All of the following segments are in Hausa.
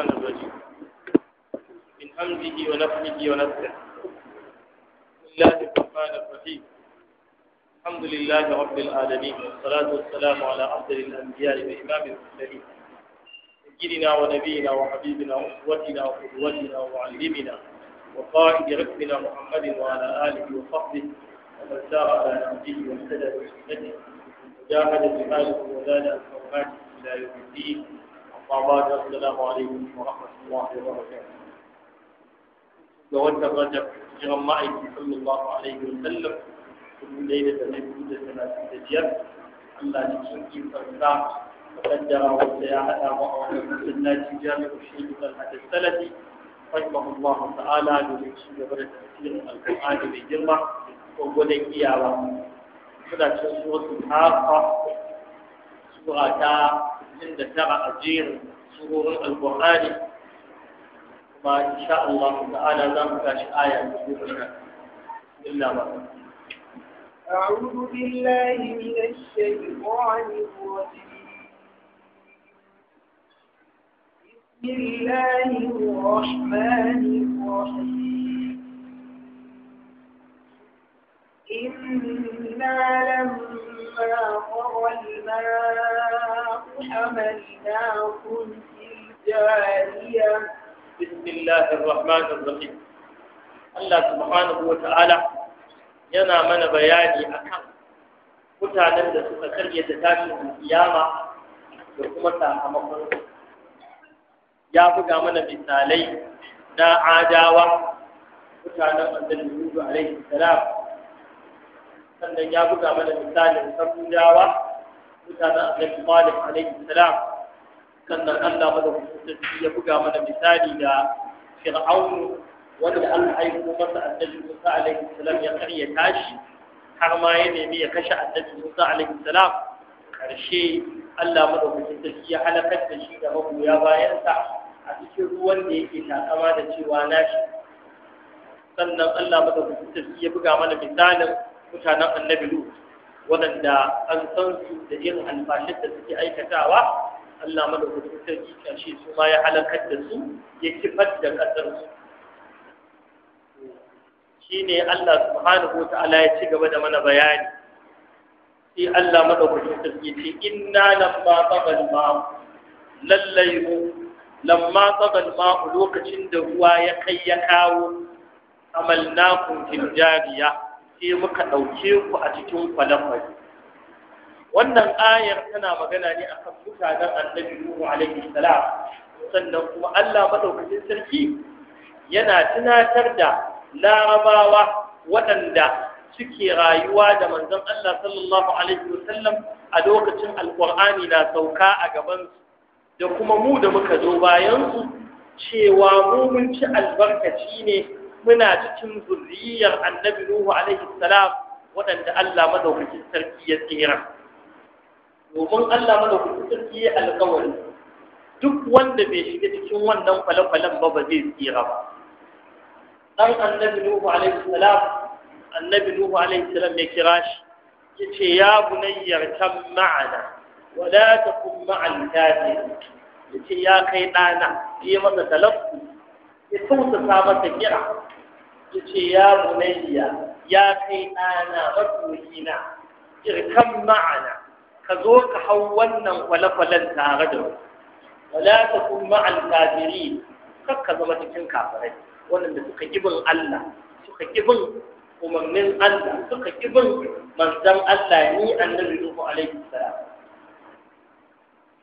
الشيطان الرجيم من حمده ونفسه ونفسه الله الرحمن الرحيم الحمد لله رب العالمين والصلاة والسلام على أفضل الأنبياء وإمام المرسلين سيدنا ونبينا وحبيبنا وقوتنا وقدوتنا ومعلمنا وقائد ركبنا محمد وعلى آله وصحبه ومن سار على نهجه واهتدى بسنته وجاهد بماله وزاد عن حرماته إلى يوم الدين وبعد السلام عليكم ورحمة الله وبركاته جوات الرجب جرم معي صلى الله عليه وسلم كل ليلة ليلة ثلاثين دجاج الله يسكي فرسا وقدر وسياحة وأعلى الناس جامع الشيخ طلحة السلفي رحمه الله تعالى لمشي برة تفسير القرآن بجرمة وقولي إياه سورة الحاقة سورة عند سبع أجير سرور البخاري ما إن شاء الله تعالى لم تكش آية إلا ما أعوذ بالله من الشيطان الرجيم بسم الله الرحمن الرحيم إنا لما طغى الماء حملناهم في الجارية بسم الله الرحمن الرحيم الله سبحانه وتعالى yana mana bayani akan mutanen da suka karyata tashin kiyama da kuma sakamakon ya buga mana misalai na adawa mutanen annabi Yusuf alaihi salam sannan ya buga mana misalin sabudawa mutanen annabi malik alaihi salam sannan Allah madaukakin sarki ya buga mana misali da fir'aunu wanda Allah ya aiko masa annabi Musa alaihi salam ya karya tashi har ma ya nemi ya kashe annabi Musa alaihi salam karshe Allah madaukakin sarki ya halakar da shi da magoya bayansa a cikin ruwan da yake takama da cewa nashi sannan Allah madaukakin sarki ya buga mana misalin mutanen annabi Lut waɗanda an san su da irin albashin da suke aikatawa Allah ta sarki kashi su ma ya halakar da su ya kifar da ƙasar su shine Allah subhanahu ta'ala ya ci gaba da mana bayani sai Allah madaukakin sarki ce inna lamma tabal ma lallai mu lamma tabal ma lokacin da ruwa ya kai ya kawo amalnakum fil jariya sai muka ɗauke ku a cikin kwalakwali wannan ayar tana magana ne a kan mutanen annabi Nuhu alaihi salam sannan kuma Allah maɗaukacin sarki yana tunatar da larabawa waɗanda suke rayuwa da manzon Allah sallallahu alaihi wasallam a lokacin alƙur'ani na sauka a gabansu. da kuma mu da muka zo bayan su cewa mu mun ci albarkaci ne muna cikin zurriyar annabi Nuhu alaihi salam waɗanda Allah madaukakin sarki ya tsira domin Allah madaukakin sarki ya alƙawari duk wanda bai shiga cikin wannan falafalan ba ba zai tsira ba dan annabi Nuhu alaihi salam annabi Nuhu alaihi salam ya kira shi ya ce ya bunayyar can ma'ana wala takum ma'al ya ce ya kai dana yi masa talaffu ya tausasa masa kira ya ce ya bunayya ya kai ɗana na irkan ma'ana ka zo ka hau wannan kwale-kwalen tare da mu wala ta kun ma'al kafiri kar ka zama cikin kafirai wanda suka ƙi Allah suka ƙi umarnin Allah suka ƙi bin Allah ni annabi Nuhu alaihi salam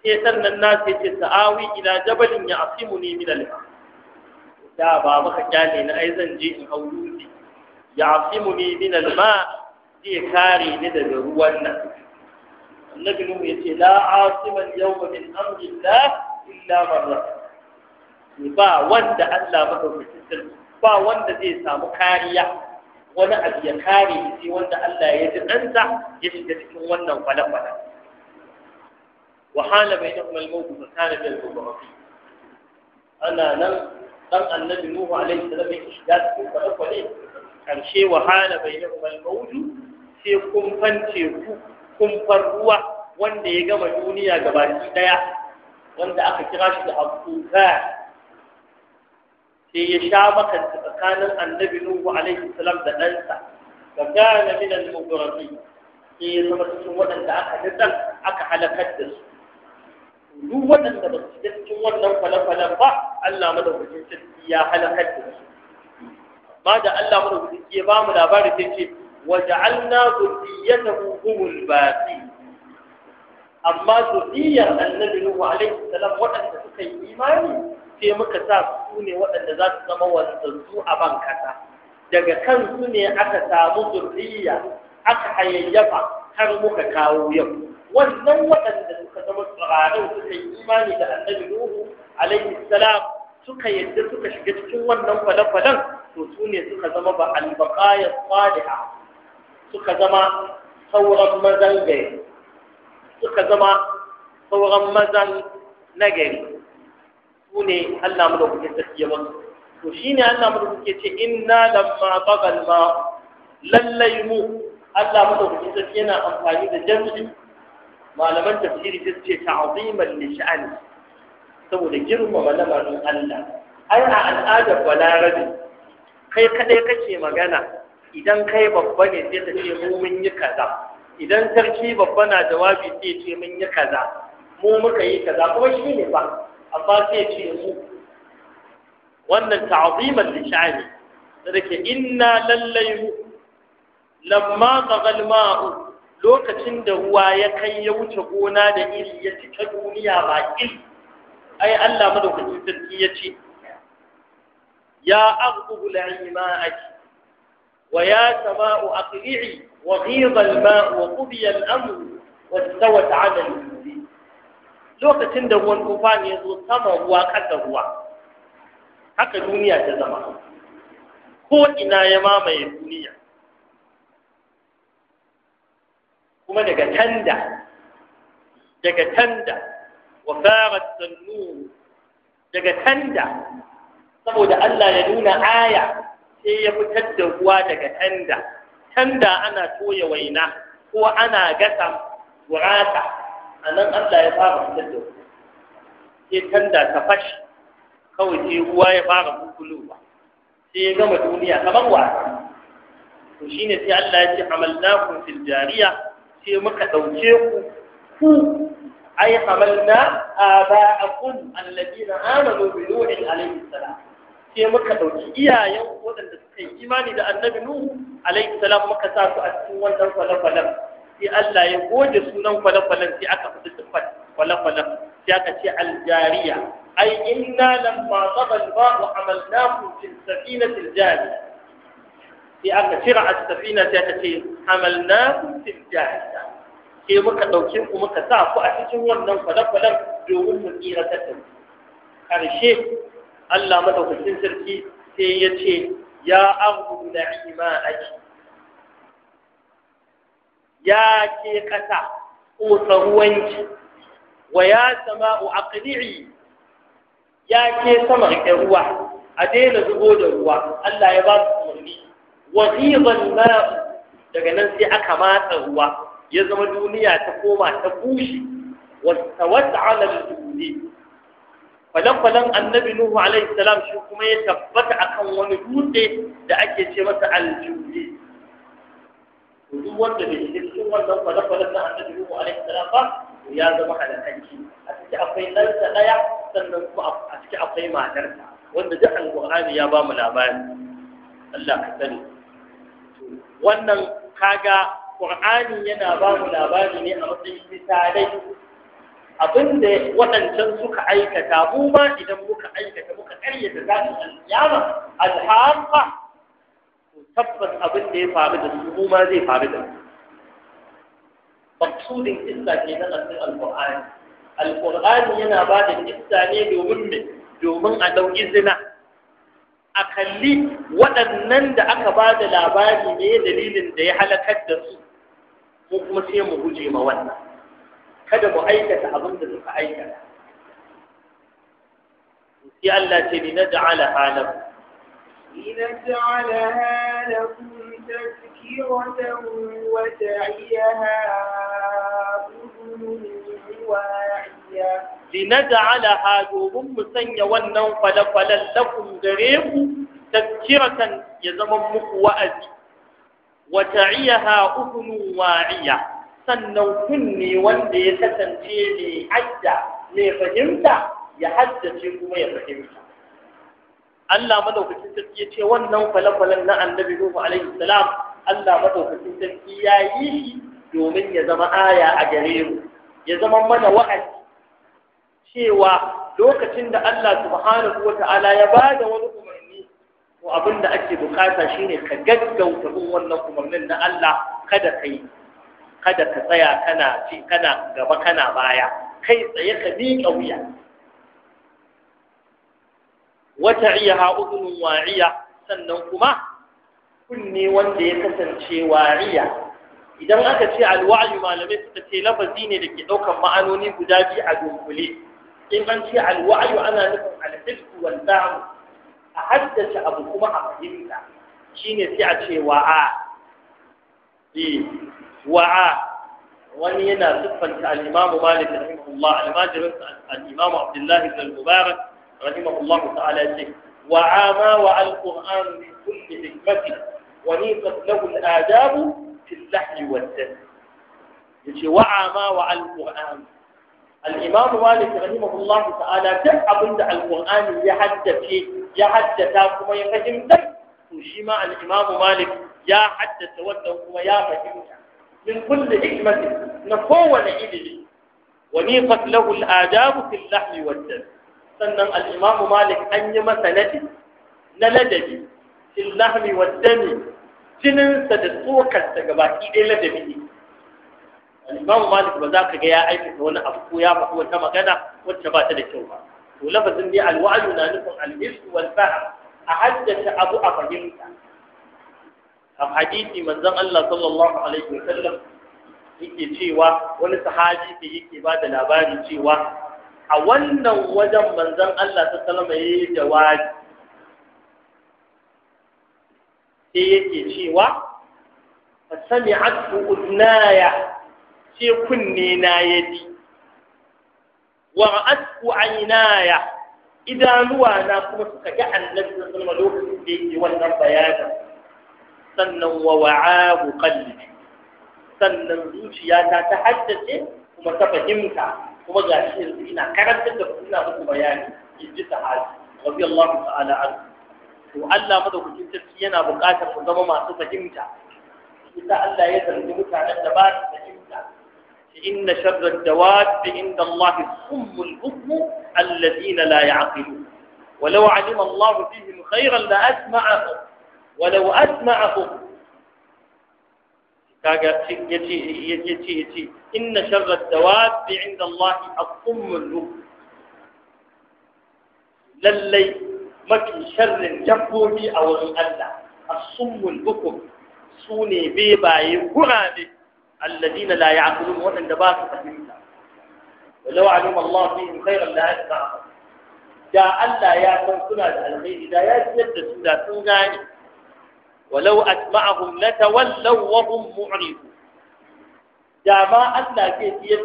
sai sannan na sai ce sa'awi ila jabalin ya asimu ni min al-ma da ba maka kyale na ai zan je in hau dutse ya asimu ni min alma zai kare ni daga ruwan nan annabi nuhu yace la asiman yawma min amrillah illa man rahim ba wanda Allah maka kusantar ba wanda zai samu kariya wani abu ya kare shi wanda Allah ya ji ɗansa ya shiga cikin wannan kwale-kwale وحال بينهما الموت فكان من المبرقين Ana nan. dan annabi nuhu alaihi salam ya shiga cikin kwale-kwale karshe wahala bai na mawuju sai kumfan teku kumfan ruwa wanda ya gama duniya gabaki daya wanda aka kira shi da abu sai ya sha maka tsakanin annabi nuhu alaihi salam da ɗansa ga gane minan mugarami sai ya zama cikin waɗanda aka nutsar aka halakar da su duk waɗanda ba su cikin wannan kwale-kwalen ba Allah madaukakin sarki ya halakar da su amma da Allah madaukakin ya ba mu labarin sai ce wa ja'alna zurriyatahu humul baqi amma zurriyar annabi Nuhu alaihi salam waɗanda suka yi imani sai muka sa su ne waɗanda za su zama wanzanzu a ban kasa daga kansu ne aka samu zurriya aka hayayyafa har muka kawo yau wannan waɗanda suka zama tsirarai suka yi imani da annabi Nuhu alaihi salam suka yadda suka shiga cikin wannan falafalan to su ne suka zama ba albaqaya saliha suka zama sauran mazan gari suka zama sauran mazan nagari su ne Allah mu da kuke sarki ya basu to shine Allah mu da kuke ce inna lamma bagal ma lallai mu Allah mu da kuke sarki yana amfani da jami'i malaman tafsiri ta ce ta'ziman li sha'ani saboda girmama lamarin Allah ai a al'adar balarabi kai kadai kake magana idan kai babba ne sai ka ce mu mun yi kaza idan sarki babba na jawabi sai ce mun yi kaza mu muka yi kaza kuma shi ne ba amma sai ce mu wannan ta'ziman li sha'ani da ke inna lallai lamma tsagal ma'u lokacin da ruwa ya kai ya wuce gona da iri ya cika duniya ba il ai Allah madaukakin sarki ya ce ya aghdu ma ma'aki wa ya sama'u aqli'i wa ghidha al-ma'u wa qubiya al-amru wastawat 'ala al-mizan lokacin da ruwan tufa ne ya zo sama ruwa kasa ruwa haka duniya ta zama ko ina ya mamaye duniya kuma daga tanda daga tanda wa farat sannur daga tanda saboda Allah ya nuna aya sai ya fitar da ruwa daga tanda tanda ana soya waina ko ana gasa gurata a nan Allah ya fara fitar da ruwa sai tanda ta fashi kawai sai ruwa ya fara bukulowa sai ya gama duniya kamar wasa to shine sai Allah ya ce amalnakum fil jariya sai muka ɗauke ku ku ai hamalna aba'akum alladina amanu bi nuhin alayhi salam sai muka ɗauki iyayen waɗanda suka yi imani da annabi nuhu alayhi salam muka sa su a cikin wannan kwale-kwalen sai Allah ya goge sunan kwale-kwalen sai aka fita siffar kwale-kwalen sai aka ce aljariya ai inna lamma taba al-ba'u amalnahu fil safinati al-jariya sai aka cira a safina sai aka ce hamalnakum fi jahiliya ke muka dauke ku muka sa ku a cikin wannan kwale-kwalen domin mu tsira ta ku karshe Allah madaukakin sarki sai ya ce ya da imanaki ya ke kasa ƙosa ruwanki wa ya sama'u aqli'i ya ke sama riƙe ruwa a daina zubo da ruwa Allah ya ba su umarni وغيظ الماء daga nan sai aka matsa ruwa ya zama duniya ta koma ta bushe wastawat ala al-dudi falan annabi nuhu alaihi salam shi kuma ya tabbata akan wani dutse da ake ce masa al-dudi duk wanda bai shiga cikin wannan falan na annabi nuhu alaihi salam ba ya zama halakanci a ciki akwai ɗansa ɗaya sannan kuma a ciki akwai matarsa wanda duk alƙur'ani ya ba mu labari Allah ka sani wannan kaga Qur'ani yana ba mu labari ne a matsayin misalai abinda waɗancan suka aikata mu ma idan muka aikata muka karyata zaɓin alƙiyama alhamma tabbas abin da ya faru da su mu ma zai faru da su maksudin isa ke nan a cikin alƙur'ani alƙur'ani yana ba da kissa ne domin domin a ɗau izina a kalli waɗannan da aka ba da labari ne dalilin da ya halakar da su ko kuma sai mu guje ma wannan kada mu aikata abin da suka aikata sai Allah ce ni na ja'ala halam لنجعلها لكم تذكرة وتعيها أذن واعية alaha domin mu sanya wannan kwale-kwalen lakum gare ku tazkiratan ya zama muku wa'azi wa ta'iyaha udhunu wa'iya sannan kunne wanda ya kasance ne adda ne fahimta ya haddace kuma ya fahimta Allah madaukakin sarki ya ce wannan kwale-kwalen na annabi Nuhu alaihi salam Allah madaukakin sarki ya yi shi domin ya zama aya a gare mu ya zama mana wa'azi cewa lokacin da Allah subhanahu wa ta'ala ya ba da wani umarni ko abin da ake bukata shine ka gaggauta bin wannan umarnin na Allah kada kai kada ka tsaya kana ci kana gaba kana baya kai tsaye ka miƙa wuya wata iya udunun wariya sannan kuma kunne wanda ya kasance wariya idan aka ce alwa'ayu malamai suka ce lafazi ne da ke ɗaukar ma'anoni guda biyu a dunkule in alwa'ayu ana nufin alhifzu wal da'mu a haddace abu kuma a fahimta shine sai a ce wa'a eh wa'a wani yana siffanta al-Imam Malik rahimahullah al-Majrin al-Imam Abdullah ibn al-Mubarak rahimahullah ta'ala wa'a ma wa al-Qur'an min kulli hikmati wa nifat lahu al-adabu fi al yace wa'a ma wa al-Qur'an al-imam malik rahimahullah ta'ala duk abinda al-qur'ani ya haddace ya haddata kuma ya fahimta to shi ma al-imam ya haddata wannan kuma ya fahimta min kulli hikmati na kowane ilimi wa nifat lahu al-adab fi sannan an yi masa nadi na ladabi في اللحم والدم جنن سد سوكر سجباكي إلى ne. al-imam malik ba za ka ga ya aikata wani abu ko ya faɗi wata magana wacce ba ta da kyau ba to lafazin dai al-wa'yu na nufin al-hisu wal fahm a haddace abu a fahimta a hadisi manzon Allah sallallahu alaihi wa sallam yake cewa wani sahabi ke yake ba da labari cewa a wannan wajen manzon Allah ta salama ya yi jawabi sai yake cewa fasami'atu udnaya sai kunne na ya ji wa ra'atu aynaya idanuwa na kuma suka ga annabi sallallahu lokacin da yake wannan bayanin sannan wa wa'abu qalbi sannan zuciyata ta haddace kuma ta fahimta kuma ga shi yanzu ina karantar da ina muku bayani in ji sahabi radiyallahu ta'ala anhu to Allah madaukakin sarki yana buƙatar ku zama masu fahimta ita Allah ya zargi mutanen da ba su fahimta إن شر الدواب عند الله الصم البكم الذين لا يعقلون ولو علم الله فيهم خيرا لأسمعهم ولو أسمعهم يتي يتي إن شر الدواب عند الله الصم البكم للي مكي شر جبوني أو ألا الصم البكم سوني بيباي قرابي alladina la ya'qilun waɗanda ba su fahimta walau Allah ya san suna da alkhairi da ya ji da su da sun gane walau asma'ahum latawallaw wa hum mu'ridun da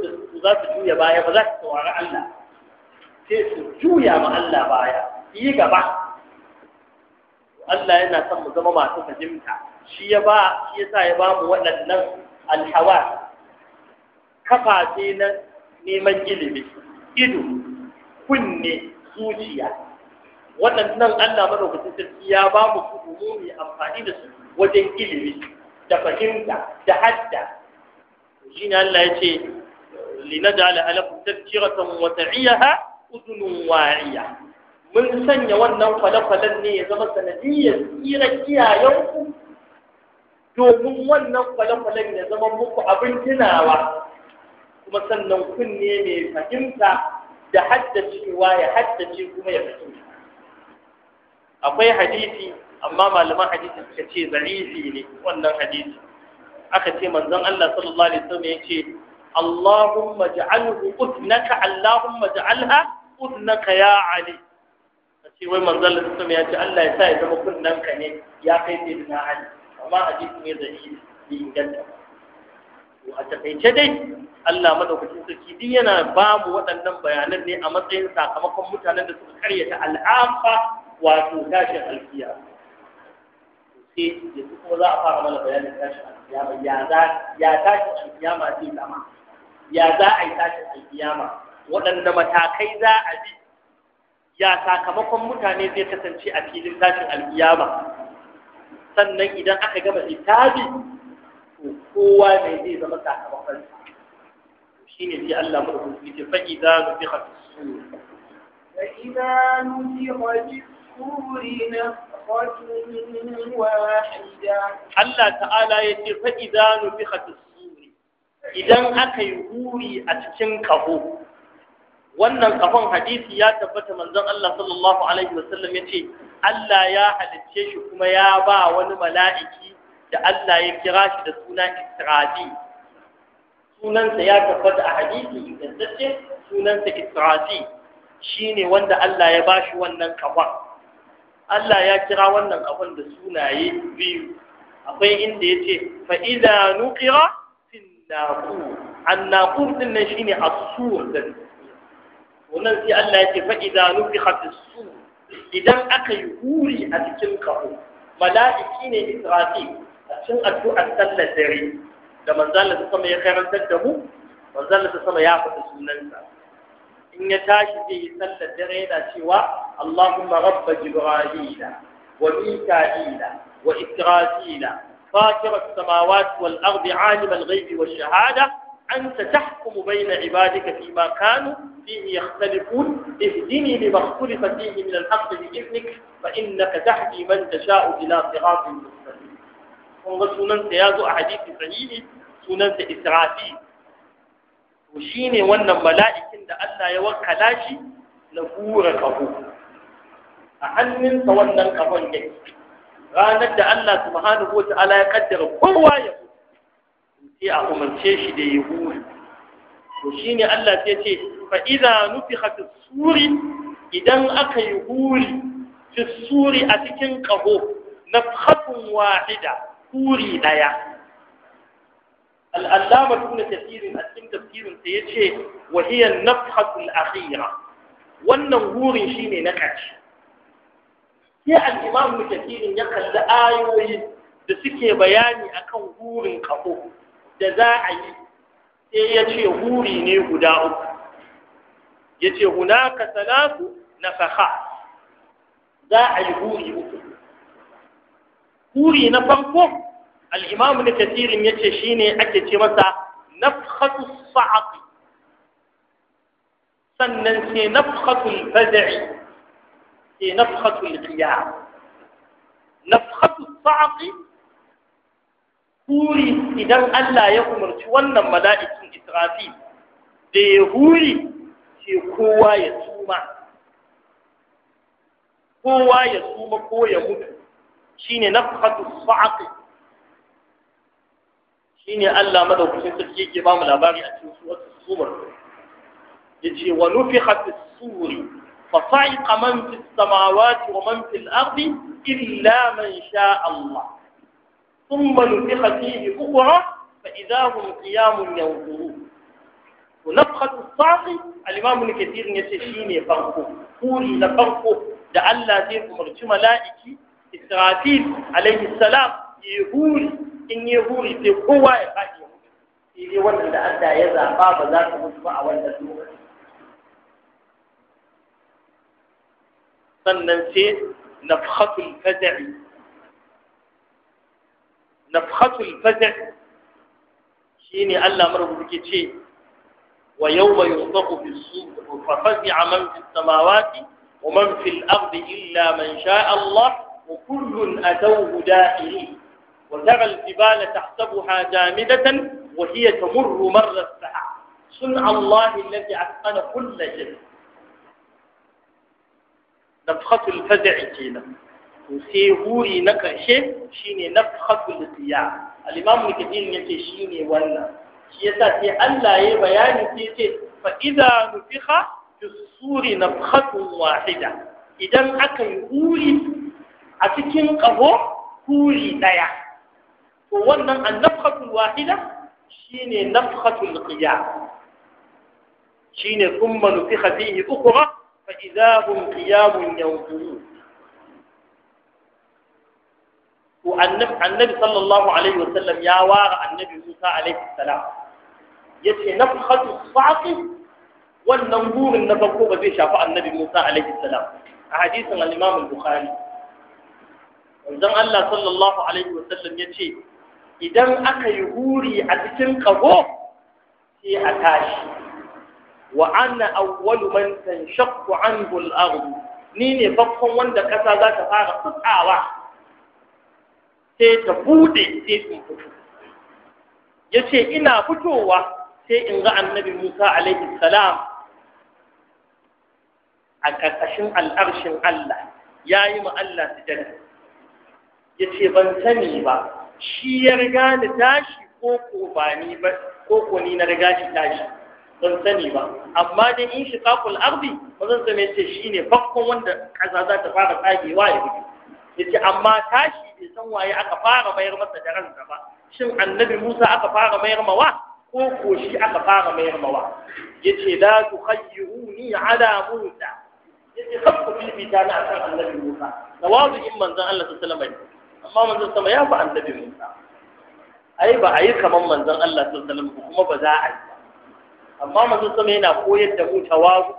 su za juya baya ba za su saurari Allah sai su juya ma Allah baya yi Allah yana son mu zama masu fahimta shi ya ba shi alhawa kafafe na neman ilimi ido kunne zuciya wannan nan Allah madaukakin sarki ya ba mu su umumi amfani da su wajen ilimi da fahimta da hadda shi ne Allah ya ce linajala alakum tadhkiratan wa ta'iyaha udunun wa'iya mun sanya wannan kwale-kwalen ne ya zama sanadiyyar tsira iyayenku domin wannan kwale-kwalen ya zama muku abin tunawa kuma sannan kunne mai fahimta da haddacewa ya haddace kuma ya fito akwai hadisi amma malaman hadisi suka ce zarifi ne wannan hadisi aka ce manzon Allah sallallahu alaihi wasallam ce, Allahumma ja'alhu udnaka Allahumma ja'alha udnaka ya Ali ce wai manzon Allah sallallahu alaihi wasallam ce, Allah ya sa ya zama kunnanka ne ya kai sayyidina Ali amma hadisi ne da shi bai inganta to a takaice dai Allah madaukakin sarki din yana ba mu waɗannan bayanan ne a matsayin sakamakon mutanen da suka karyata al'afa wato tashin alkiya sai yanzu kuma za a fara mana bayanin tashin alkiyama ya za ya tashin alkiyama zai zama ya za a yi tashin ma? waɗanda matakai za a bi ya sakamakon mutane zai kasance a filin tashin ba sannan idan aka gama littafi to kowa ne zai zama sakamakon shi ne sai Allah mu rubuta ce fa idza nufiqa fi-sur fa idza nufiqa fi-sur nafqatun wahida Allah ta'ala ya yace fa idza nufiqa fi-sur idan aka yi huri a cikin kaho wannan kafan hadisi ya tabbata manzon Allah sallallahu alaihi wasallam ya ce. Allah ya halicce shi kuma ya ba wani mala'iki da Allah ya kira shi da suna Israfi sunansa ya tabbata a hadisi ingantacce sunansa Israfi shine wanda Allah ya bashi wannan kafan Allah ya kira wannan kafan da sunaye biyu akwai inda yace fa idza nuqira fin naqur an naqur din nan shine as-sur da wannan sai Allah ya ce idza nuqira fis sur idan aka yi huri a cikin kaho mala'iki ne israfi a cikin addu'ar sallar dare da manzala ta sama ya karantar da mu manzala ta sama ya faɗi sunansa in ya tashi zai yi sallar dare yana cewa Allahumma rabba jibrila wa mika'ila wa israfila فاطر السماوات والأرض عالم الغيب Shahada. أنت تحكم بين عبادك فيما كانوا فيه يختلفون اهدني لما اختلف فيه من الحق بإذنك فإنك تهدي من تشاء إلى صراط مستقيم والله سنن سيازو أحاديث صحيح سنن إسرافيل وشيني وانا ملائكين دا ألا يوكلاشي نبور كفو أحنن تونن كفو رانا دا الله سبحانه وتعالى يقدر قوة يقول sai a umarce shi da yahudu to shine allah sai ce fa’iza nufi haka idan aka yi huri fi a cikin ƙaho na fahimtun wahida huri ɗaya al’allama tuna tafirin a cikin tafirin ta ya ce wahiyar na fahimtun akhira wannan hurin shine ne na ƙarshe sai al’imamu tafirin ya kalli ayoyi da suke bayani akan hurin ƙaho da za a yi sai ya ce huri ne guda uku ya ce hunaka salatu na faha za a yi huri uku huri na farko al'imamu na kasirin ya ce shi ne ake ce masa nafhatu sa'aqi sannan sai nafhatul faz'i sai nafhatul qiyam nafhatu sa'aqi huri idan Allah ya umarci wannan mala'ikin israfi da ya huri ce kowa ya tsuma kowa ya tsuma ko ya mutu shine nafhatu shi ne Allah madaukakin sarki yake ba mu labari a cikin suratul Ya ce wa nufi fis suri fa sa'iqa man fis samawati wa man fil ardi illa man sha'a Allah ثم نفخ فيه أخرى فإذا هم قيام ينظرون ونفخة الصعق الإمام ابن كثير يتشيني فرقه قولي لفرقه da Allah zai umarci mala'iki Israfil alaihi salam ya huri in ya huri sai kowa ya faɗi ya mutu sai dai wannan da Allah ya zaɓa ba za su mutu ba a wannan lokaci sannan sai nafhatul fazari نفخه الفزع شيني الله امره بكيتشي ويوم يصدق في الصور ففزع من في السماوات ومن في الارض الا من شاء الله وكل اتوه دائري وترى الجبال تحسبها جامده وهي تمر مر السحاب صنع الله الذي اتقن كل شيء نفخه الفزع كينا sai buri na karshe shine nafhatul siya al-imam ya ce shi ne wannan shi sa sai Allah ya bayani sai yace fa fi nufikha fi suri nafhatun wahida idan aka yi huri a cikin ƙaho huri ɗaya. to wannan an-nafhatul wahida shi ne na shine nafhatul qiyam shine thumma nufikha fihi ukhra fa idza hum mun yanzurun to annabi sallallahu alaihi wasallam ya wara annabi Musa alaihi salam yace nafkhatu saqi wannan gurin na farko ba zai shafi annabi Musa alaihi salam a hadisin al-Imam al-Bukhari manzon Allah sallallahu alaihi wasallam yace idan aka yi huri a cikin kago sai a tashi wa ana awwalu man tanshaqqu anhu al-ardh ni ne farkon wanda kasa za ta fara fitawa sai ta bude sai in fito ya ce ina fitowa sai in ga annabi musa alaihi salam a ƙarƙashin al'arshin allah ya yi ma allah sujada ya ce ban sani ba shi ya riga ni tashi ko ko ba ni ba ko ko ni na riga shi tashi ban sani ba amma dai in shi kakul ardi ba zan zama ce shine farkon wanda ƙasa za ta fara tsagewa ya fito yace amma tashi bai san waye aka fara mayar masa da ransa ba shin annabi Musa aka fara mayar mawa ko ko shi aka fara mayar mawa yace la tukhayyiruni ala Musa yace fi fifita na akan annabi Musa tawadu in manzon Allah sallallahu alaihi wasallam amma manzon sama ya fa annabi Musa ai ba a yi kamar manzon Allah sallallahu alaihi wasallam kuma ba za a yi amma manzon sama yana koyar da mu tawazu.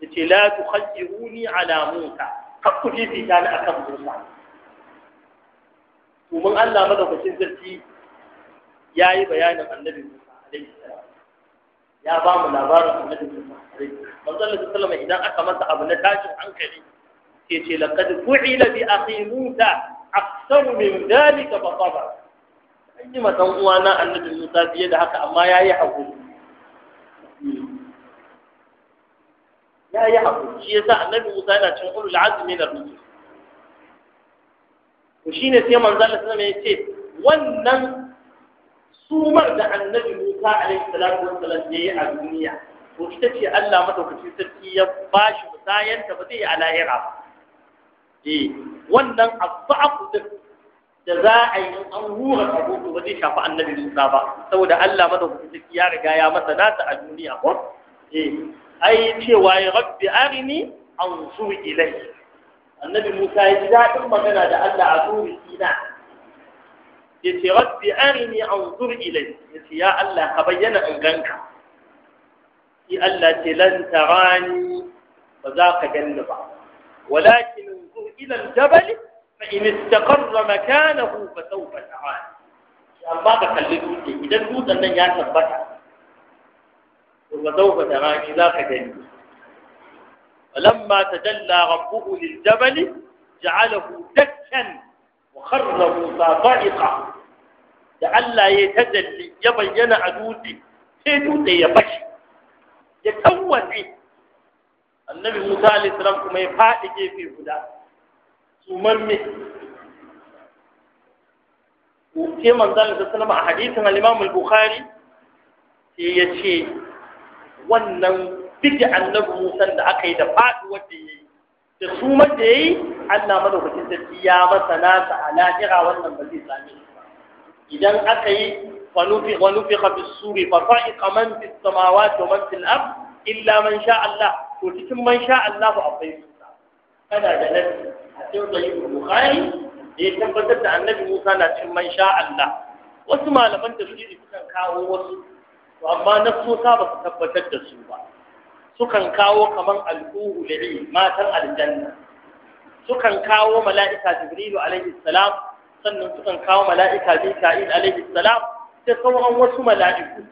yace la tukhayyiruni ala Musa kar ku fifita ni akan Musa domin Allah madaukakin sarki yayi bayanin annabi Musa alaihi salam ya ba mu labarin annabi Musa alaihi salam manzo Allah sallallahu alaihi idan aka masa abu na tashin hankali ke ce laqad fu'ila bi akhi Musa akthar min dhalika fa sabar an yi ma dan uwana annabi Musa fiye da haka amma yayi hakuri ya yi haƙuri shi yasa annabi Musa yana cin ulul azmi na rusul to shine sai manzo Allah sallallahu alaihi ce wannan sumar da annabi Musa alaihi salatu wassalam yi a duniya to ita ce Allah madaukakin sarki ya bashi musayanta ba zai yi a lahira ba eh wannan abba'u din da za a yi an hura agogo ba zai shafi annabi Musa ba saboda Allah madaukakin sarki ya riga ya masa nasa a duniya ko eh ai cewa ya rabbi arini anzur ilai annabi Musa ya ji daɗin magana da Allah a zuri sina ya ce rabbi arini zuri ilai ya ce ya Allah ka bayyana in ganka shi Allah ce lan tarani ba za ka ganni ba walakin anzur ila al-jabal fa in istaqarra makanahu fa sawfa tarani amma ka kalli dutse idan dutsen nan ya tabbata وسوف تراني ذاك دليل فلما تجلى ربه للجبل جعله دكا وخر موسى طائقا لئلا يتجلي يبين عدوتي sai dutse ya bashi ya tawwace annabi musa alayhi salam kuma ya faɗi gefe guda sumamme ko sai manzo sallallahu alaihi a hadisin al-imam al-bukhari sai ya wannan duka annabi Musa da aka yi da faɗi wanda ya yi da su da ya yi Allah madaukakin da ya masa nasa a lahira wannan ba zai sami idan aka yi fanufi kafin suri fa fa'i kaman fi samawa ab illa man sha Allah to cikin man sha Allah ba akwai su kada da nan a cikin da yi ya tabbatar da annabi Musa na cikin man sha Allah wasu malaman tafsiri sukan kawo wasu to amma nafsosa ba su tabbatar da su ba sukan kawo kaman al'uhu li'i matan aljanna sukan kawo mala'ika jibrilu alaihi salam sannan sukan kawo mala'ika mika'il alaihi salam da sauran wasu mala'iku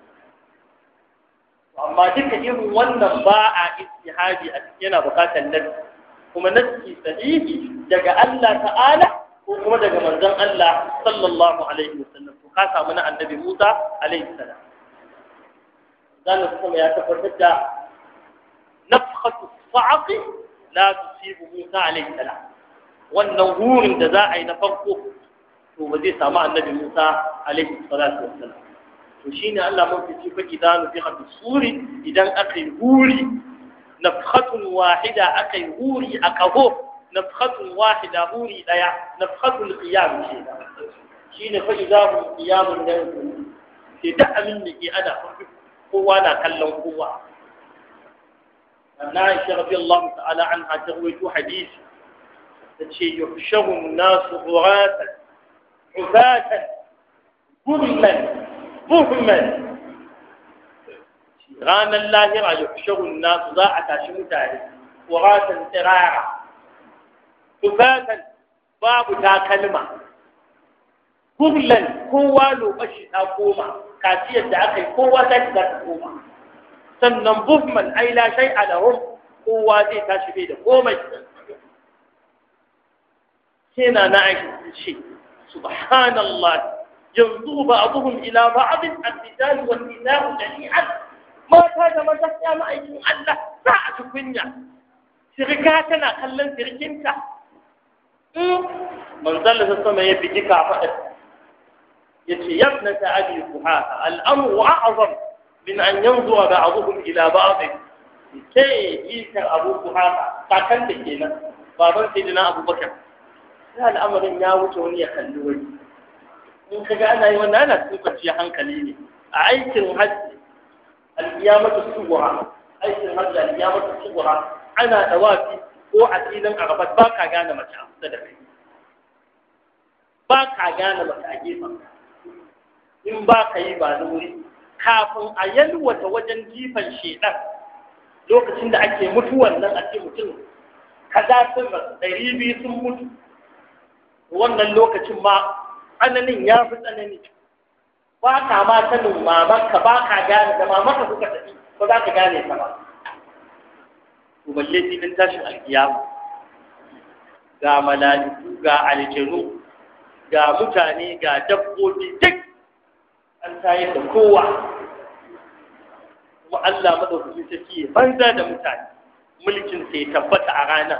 amma duka irin wannan ba a istihadi a yana bukatar nan kuma nassi sahihi daga Allah ta'ala ko kuma daga manzon Allah sallallahu alaihi wasallam ka samu na annabi Musa alaihi salam قال كما يا تفرد نفخة الصعق لا تصيب موسى عليه السلام wannan hurin da za a yi na farko to ba zai samu annabi Musa alaihi salatu wassalam to shine Allah mafi fa idan fi hadu suri idan aka huri nafhatun wahida aka yi huri a kaho nafhatun wahida huri daya nafhatul qiyam ce shine fa idan da ke kowa na kallon kowa anna aisha radiyallahu ta'ala anha ta rawaito hadisi tace yuhsharu an-nasu ghuratan hufatan gurman buhman ranar lahira yuhsharu an-nasu za a tashi mutane ghuratan tsirara hufatan babu takalma kurlan kowa lokaci ta koma kaciyar da aka yi kowa ta shiga ta koma sannan buhman ai la a lahum kowa zai tashi bai da komai sai na na aiki ce subhanallah yanzu ba'dhum ila abin al-rijal wal nisaa jami'an mata da maza ya ma'aikin Allah za a ci kunya shirka tana kallon sirikinta. Hmm, manzon da sama ya bigi kafa yace yabnata abi kuhafa al'amru a'zam min an yanzura ba'dhum ila ba'd sai ikar abu kuhafa kakan da kenan baban sayyidina abubakar sai al'amarin ya wuce wani ya kalli wani in kaga ana yi wannan ana tsubaci hankali ne a aikin hajji al-qiyamatu sughra aikin hajji al-qiyamatu ana tawafi ko a filin arabat ba ka gane mace a kusa da kai ba ka gane mace a gefen in ba ka yi ba wuri kafin a yalwata wajen jifan shedan lokacin da ake mutuwan nan a ce mutum kaza ba, ɗari biyu sun mutu wannan lokacin ma tsananin ya fi tsanani ba ka ma sanin mamaka ba ka gane da mamaka kuka tafi ba za ka gane ta ba to balle filin tashin alkiyama ga malalitu ga aljanu ga mutane ga dabbobi duk an tayar da kowa kuma Allah madaukakin sarki ya banza da mutane mulkin sai tabbata a rana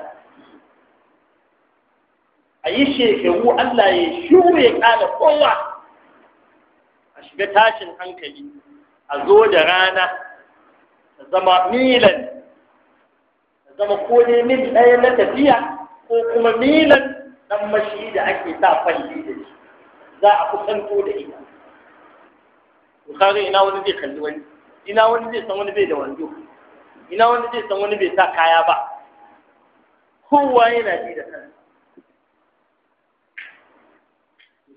a yi shekaru Allah ya shiru ya kala kowa a shiga tashin hankali a zo da rana ta zama milan ta zama ko ne mil ɗaya na tafiya ko kuma milan dan mashi da ake sa falli da shi za a kusanto da ita to kaga ina wani zai kalli wani ina wani zai san wani bai da wando ina wani zai san wani bai sa kaya ba kowa yana ji da kansa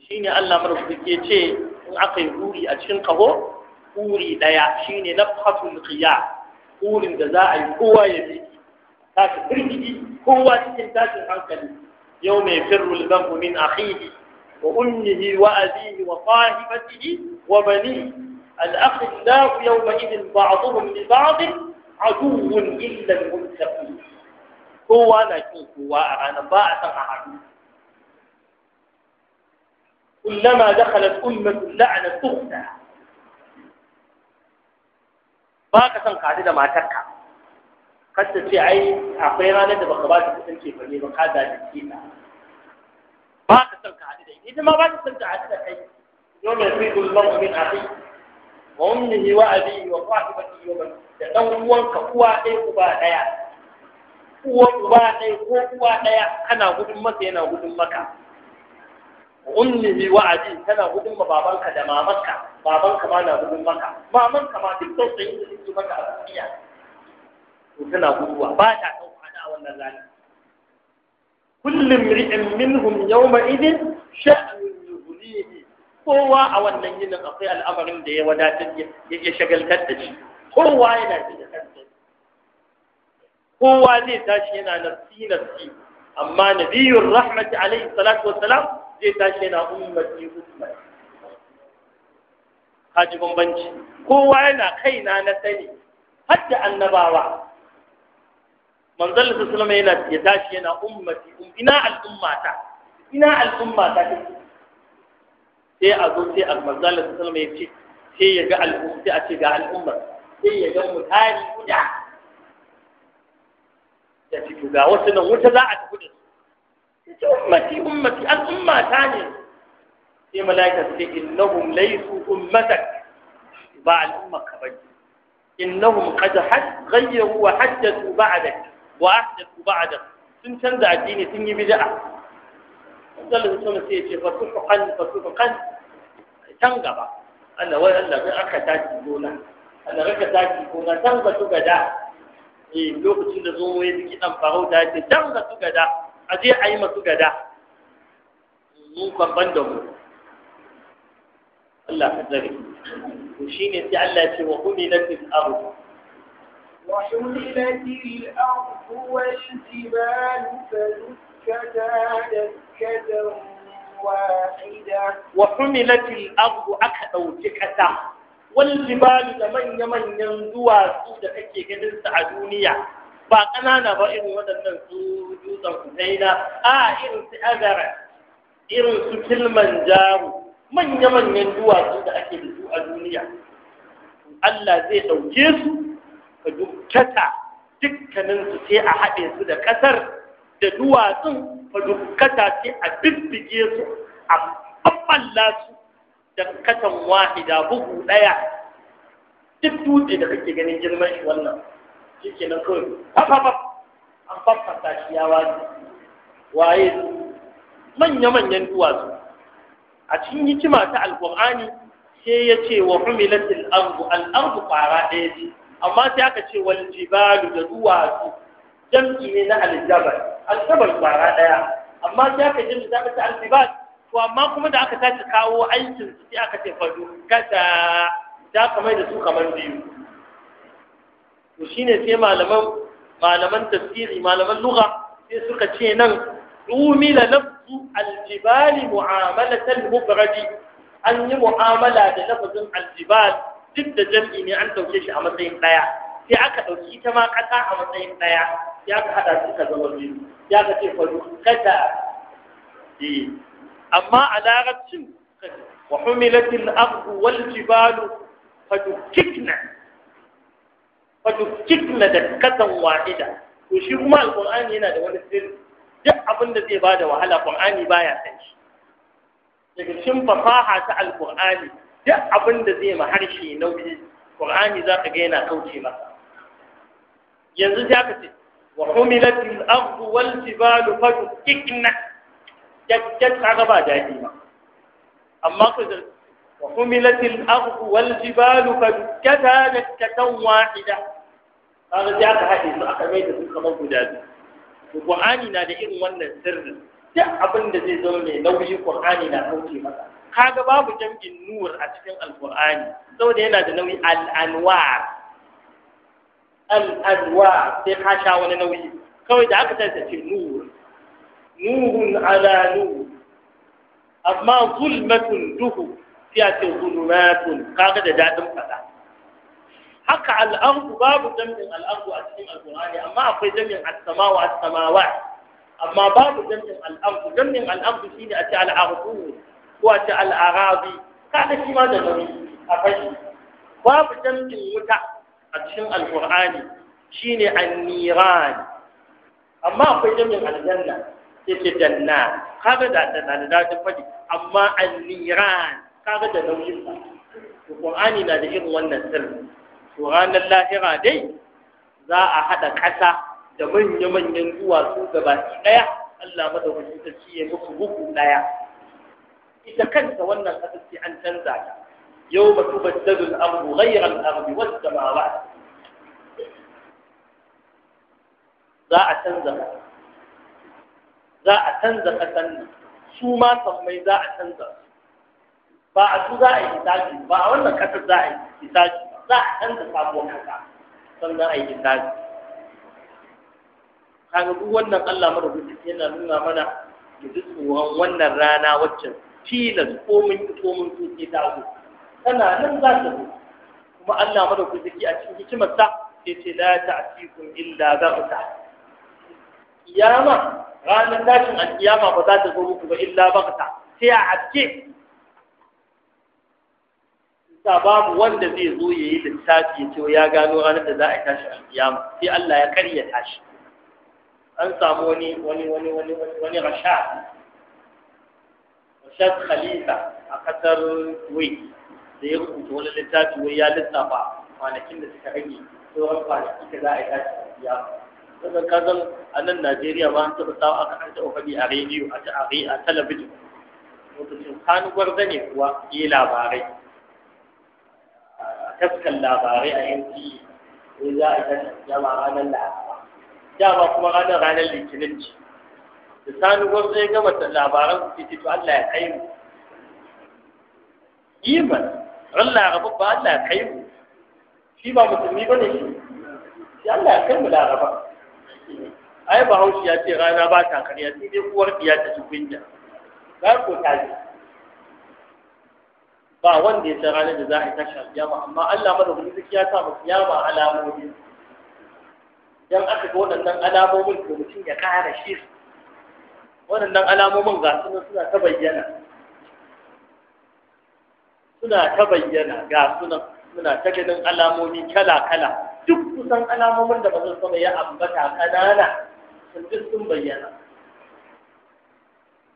shine Allah ke ce in aka yi huri a cikin kaho huri daya shine nafhatul qiyam hurin da za a yi kowa ya ji ka firgiji kowa cikin tashin hankali yau mai firru al min akhihi wa ummihi wa abihi wa sahibatihi وبني الأخلاق يومئذ بعضهم لبعض عدو إلا المتقين هو أنا وأعنى هو أنا كلما دخلت أمة اللعنة تغنى باقة قاعدة ما تكا قد تتي أي أخيرا لدى بخبات تسنكي فلي بقادة تسينا باقة قاعدة إذا ما باك سن قاعدة يوم يفيد المرء من أخيه وأمه وأبيه وصاحبته يوم da ɗan uwanka uwa ɗaya uba ɗaya uwa uba ɗaya ko uwa ɗaya kana gudun maka yana gudun maka ummihi wa abi tana gudun ma babanka da mamanka babanka ma na gudun maka mamanka ma duk tausayin da suke maka a duniya to tana guduwa ba ta ɗauka da wannan rana kullum ri'in minhum yawma idin sha'anun yughnihi kowa a wannan yinin akwai al'amarin da ya wadatar ya shagaltar da shi kowa yana ji da kansa kowa zai tashi yana nafsi nafsi amma na biyun rahmati alaihi salatu wa salam zai tashi yana ummati ummati haji bambanci kowa yana kaina na sani hadda annabawa manzon sallallahu alaihi wasallam yana ya tashi yana ummati um, ina al'ummata ina al'ummata take هي اقول المزال الرسول ما يجي هي جاء الأمة أتي جاء الأمة هي جاء متهاي المدع يأتي جاء وسنا متزاع تقول أمتي أمتي الأمة ثانية هي ملاك إنهم ليسوا أمتك تباع الأمة كبير إنهم قد غيروا وحدثوا بعدك وأحدثوا بعدك سنتن ذا الدين تنجي بدأ zalin sama sai ya ce fa tufuqan fa tufuqan can gaba Allah wai Allah bai aka tashi gona Allah raka tashi gona can ba su gada eh lokacin da zo ya biki dan farauta ya ce can ba su gada a je a yi masu gada mu babban da mu Allah ka tsare to shine sai Allah ya ce wa humilatil ardh وحملت الأرض والجبال فدكت كذلك كذا واحدة وحملت الأرض أكدو da والجبال لمن يمن ينزوى سودة كي جنس عدونية ba ƙanana ba irin waɗannan su dutsen kusaina a irin su azara irin su kilman jaru manya-manyan duwatsu da ake da a duniya Allah zai ɗauke su ka dukkata dukkaninsu sai a haɗe su da ƙasar da duwatsun fa dukkata ce a bibbige su a lasu su katan wahida bugu daya duk dutse da kake ganin girman shi wannan shi ke nan kawai fafafaf an faffasa shi ya waje waye manya-manyan duwatsu a cikin hikima ta Alƙur'ani, sai ya ce wa humilatil ardu al ardu ɗaya ce amma sai aka ce wal jibalu da duwatsu jam'i ne na aljabar aljabar kwara daya amma sai aka ji da ta alfibat to amma kuma da aka tashi kawo aikin su sai aka ce fadu kasa ta kamar da su kamar biyu to shine sai malaman malaman tafsiri malaman lugha sai suka ce nan umila lafzu aljibali mu'amalatan mubradi an yi mu'amala da lafazin aljibal duk da jam'i ne an dauke shi a matsayin daya sai aka dauki ita ma kasa a matsayin daya ya ka haɗa su ka zama biyu ya ka ce faru kada eh amma a larabcin wa humilatin abu wal jibalu fadu dukikna fadu dukikna da katan wahida to shi kuma alqur'ani yana da wani sirri duk abin da zai bada wahala qur'ani baya san shi daga cikin fasaha ta alqur'ani duk abin da zai ma harshe nauyi qur'ani za ka ga yana kauce masa yanzu za ka ce وحملت الأرض والجبال فدككنا جكت عقبا دائما أما قدر وحملت الأرض والجبال فدكتا دكة واحدة أرجع هذه أقميت في الخمر بداد القرآن نادى إن ون السر جاء أبن da zai لو mai nauyi Qur'ani na kauce masa kaga babu jam'in nur a cikin alqur'ani saboda yana da nauyi al-anwar al'adwa sai ka sha wani nauyi kawai da aka tashi ce nur "Nuhun ala nur amma zulmatun duhu sai a ce zulmatun kaga da dadin fada haka al'ardu babu jami'in al'ardu a cikin alqur'ani amma akwai jami'in as-samawa as-samawa amma babu jami'in al'ardu jami'in shi ne a ce al'ardu ko a ce al'arabi kaga shi ma da nauyi a fashi babu jami'in wuta a cikin alkur'ani shine anniran amma akwai jami'in aljanna sai ce janna kaga da da da ta fadi amma anniran kaga da nauyin sa na da irin wannan sirri to ranar lahira dai za a haɗa ƙasa da manya-manyan duwatsu gaba ɗaya Allah madaukakin ta ya muku buku ɗaya ita kanta wannan ƙasar sai an canza ta يوم تبدل الأرض غير الأرض والسماوات za a canza za a canza kasan su ma sammai za a canza ba a su za a yi hisabi ba a wannan ƙasar za a yi hisabi za a canza sabuwar kasa sannan a yi hisabi kaga duk wannan Allah madaukakin yana nuna mana mu ji tsoron wannan rana waccan tilas ko mun ko mun tuke tana nan za ta zo kuma Allah madaukaki a cikin hikimarsa sai ce la ta'tikum illa ta. kiyama ranar tashin alkiyama ba za ta zo muku ba illa ta, sai a aske sa babu wanda zai zo ya yi littafi ya ce ya gano ranar da za a tashi alkiyama sai Allah ya karya tashi an samu wani wani wani wani wani rashad rashad khalifa a kasar kuwait da ya rubuta wani littafi wai ya lissafa kwanakin da suka rage sauran kwanaki ka za a yi tashi biya sannan ka zan a nan Najeriya ba an taɓa sawa aka an taɓa faɗi a rediyo a a talabijin lokacin kanu gwarza ne kuwa yi labarai a taskan labarai a NTA wai za a yi tashi biya ma ranar Laraba ba kuma ranar ranar Litinin ce da sanu gwarza ya gama labaran su ce to Allah ya kai mu iman ran laraba ba Allah ya kai mu shi ba musulmi ba ne shi shi Allah ya kai mu laraba ai haushi ya ce rana ba ta karya sai dai uwar diya ta ci kunya za ko ta ji ba wanda ya san ranar da za a yi tashi alkiyama amma Allah madaukakin sarki ya sa mu kiyama alamomi dan aka ga waɗannan alamomin to mutum ya ƙara shi waɗannan alamomin ga su suna ta bayyana suna ta bayyana ga suna suna ta ganin alamomi kala-kala duk kusan alamomin da bazan sama ya ambata kanana sun duk sun bayyana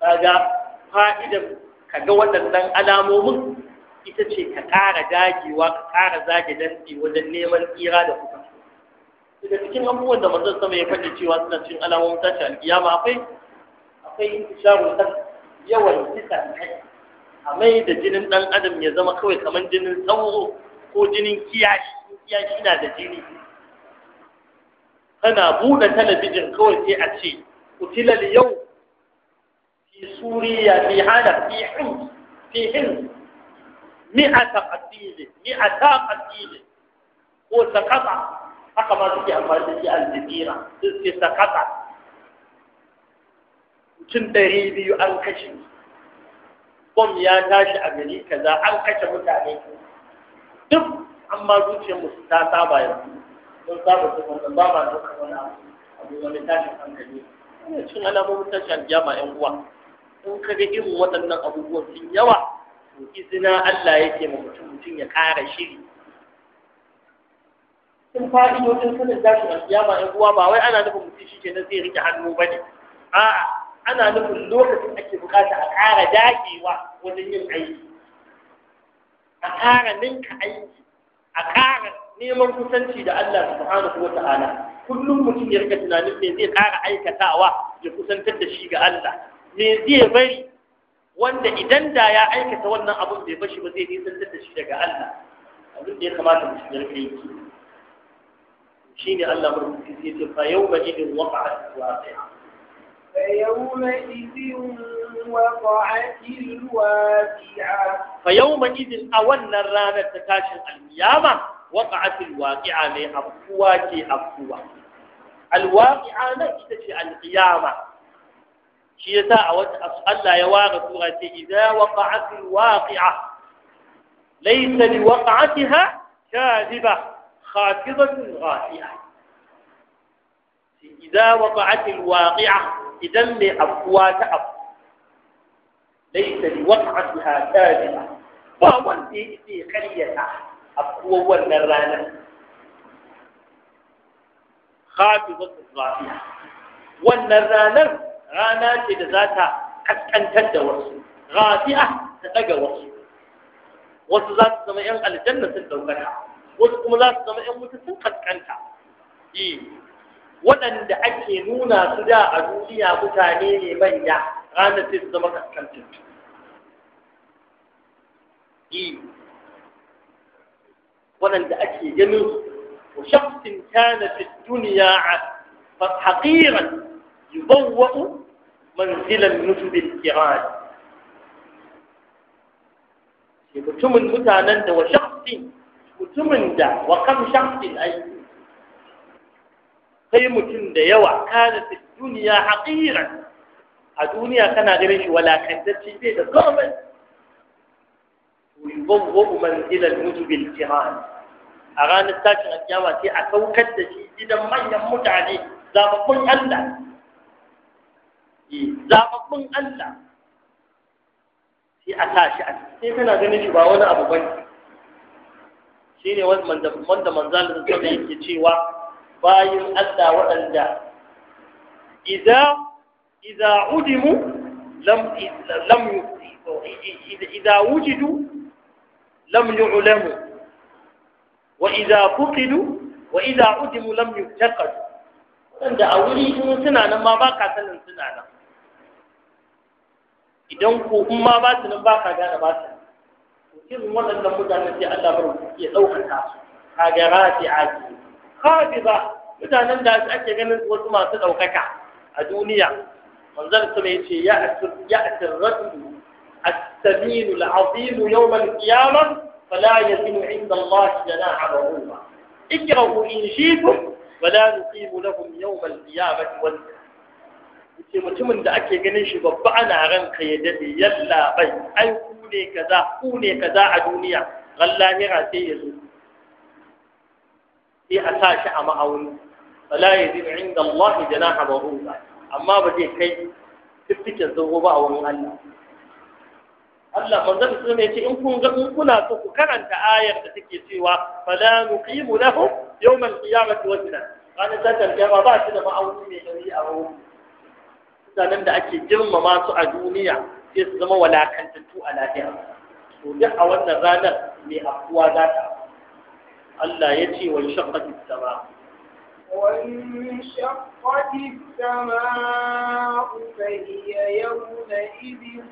kaga fa'idan kaga waɗannan alamomin ita ce ka ƙara dagewa ka ƙara zage dantse wajen neman tsira da kuka daga cikin abubuwan da manzon sama ya faɗi cewa suna cikin alamomin tashi alƙiyama akwai akwai shagulan yawan kisan kai a mai da jinin ɗan adam ya zama kawai kamar jinin sauro ko jinin kiyashi kiyashi na da jini kana buɗe talabijin kawai sai a ce kutilal yau fi suriya fi hana fi hin fi hin mi'ata qatilin mi'ata qatilin ko sakata haka ma suke amfani da shi aljazira sun ce sakata mutum ɗari biyu an kashe bom ya tashi a gari kaza an kashe mutane duk amma zuciyar mu ta saba yanzu don saba su kuma ba ma duka wani abu wani tashin hankali ne cin alamomin tashin alkiyama yan uwa in ka ga irin waɗannan abubuwan sun yawa to izina Allah yake ma mutum mutum ya ƙara shiri sun fa'idodin sanin tashin alkiyama yan uwa ba wai ana nufin mutum shi ke na zai rike hannu ba ne a'a ana nufin lokacin ake bukata a ƙara dagewa wajen yin aiki a ƙara ninka aiki a ƙara neman kusanci da Allah subhanahu wa ta'ala kullum mutum ya rika tunanin me zai ƙara aikatawa ya kusantar da shi ga Allah me zai bari wanda idan da ya aikata wannan abun bai bashi ba zai nisantar da shi daga Allah abin da ya kamata mutum ya rika yi shine Allah mutum ya ce fa yawma idin waqa'a waqi'a فيومئذ وقعت الواقعة فيومئذ أولنا الرانة تكاشن القيامة وقعت الواقعة لأبقوا كي أبقوا الواقعة لا تتشي القيامة شيء ساعة الله يواغ سورة إذا وقعت الواقعة ليس لوقعتها كاذبة خافضة غافية إذا وقعت الواقعة idan mai afuwa ta abu laisa li waqa'atiha kadhiba ba wanda yake karyata afuwar wannan ranar khafidatu rafi'a wannan ranar rana ce da za ta kaskantar da wasu rafi'a ta daga wasu wasu za su zama yan aljanna sun daukata wasu kuma za su zama yan mutu sun kaskanta eh. waɗanda ake nuna su da a duniya mutane ne manya ranar sai su zama kaskantin e, waɗanda ake ganin su وشخص كان في الدنيا حقيرا يبوأ منزل النجب الكرام mutumin mutanen da wa shakhsin mutumin da wa kan shakhsin aiki. sai mutum da yawa kana da duniya haƙira a duniya kana ganin shi walakantacci bai da komai yubawwa'u manzilal mujubil jihan a ranar tashin alƙiyama sai a saukar da shi gidan manyan mutane zababbun Allah eh, zababbun Allah sai a tashi a sai kana ganin shi ba wani abu bane shine wanda manzalin sallallahu alaihi wasallam yake cewa bayin Allah waɗanda idan idan udimu lam idan idza wujidu lam wa idan kukidu wa idan udimu lam yuftaqad waɗanda a wuri in suna nan ma ba ka sanin suna nan idan ku in ma ba su nan ba ka gane ba su irin waɗannan mutanen sai Allah barka ya ɗaukaka su gara fi ajiye خافضة مثلاً إذا أتى جن وسمع سدوا كعك الدنيا منزل سميتي يأس يأس الرجل السمين العظيم يوم القيامة فلا يزن عند الله جناعة رؤوما اقرأوا إن شئتم ولا نقيم لهم يوم القيامة وزنا متم da ake ganin shi babba ana ranka ya dade yalla bai ai ku ne kaza ku ne kaza a duniya lallahi ra sai ya zo sai a sa shi a ma'auni fala yazid inda Allah janaha ruwa amma ba zai kai tiftikin zango ba a wurin Allah Allah manzon su ne ce in kun ga in kuna so ku karanta ayar da take cewa fala nuqimu lahu yawm al-qiyamati wazna ranar ta jama ba shi da ma'auni mai nauyi a wurin mutanen da ake girmama su a duniya sai su zama walakantattu a lahira to duk a wannan ranar mai afuwa za ta ألا يتي وانشقت السماء وانشقت السماء فهي يومئذ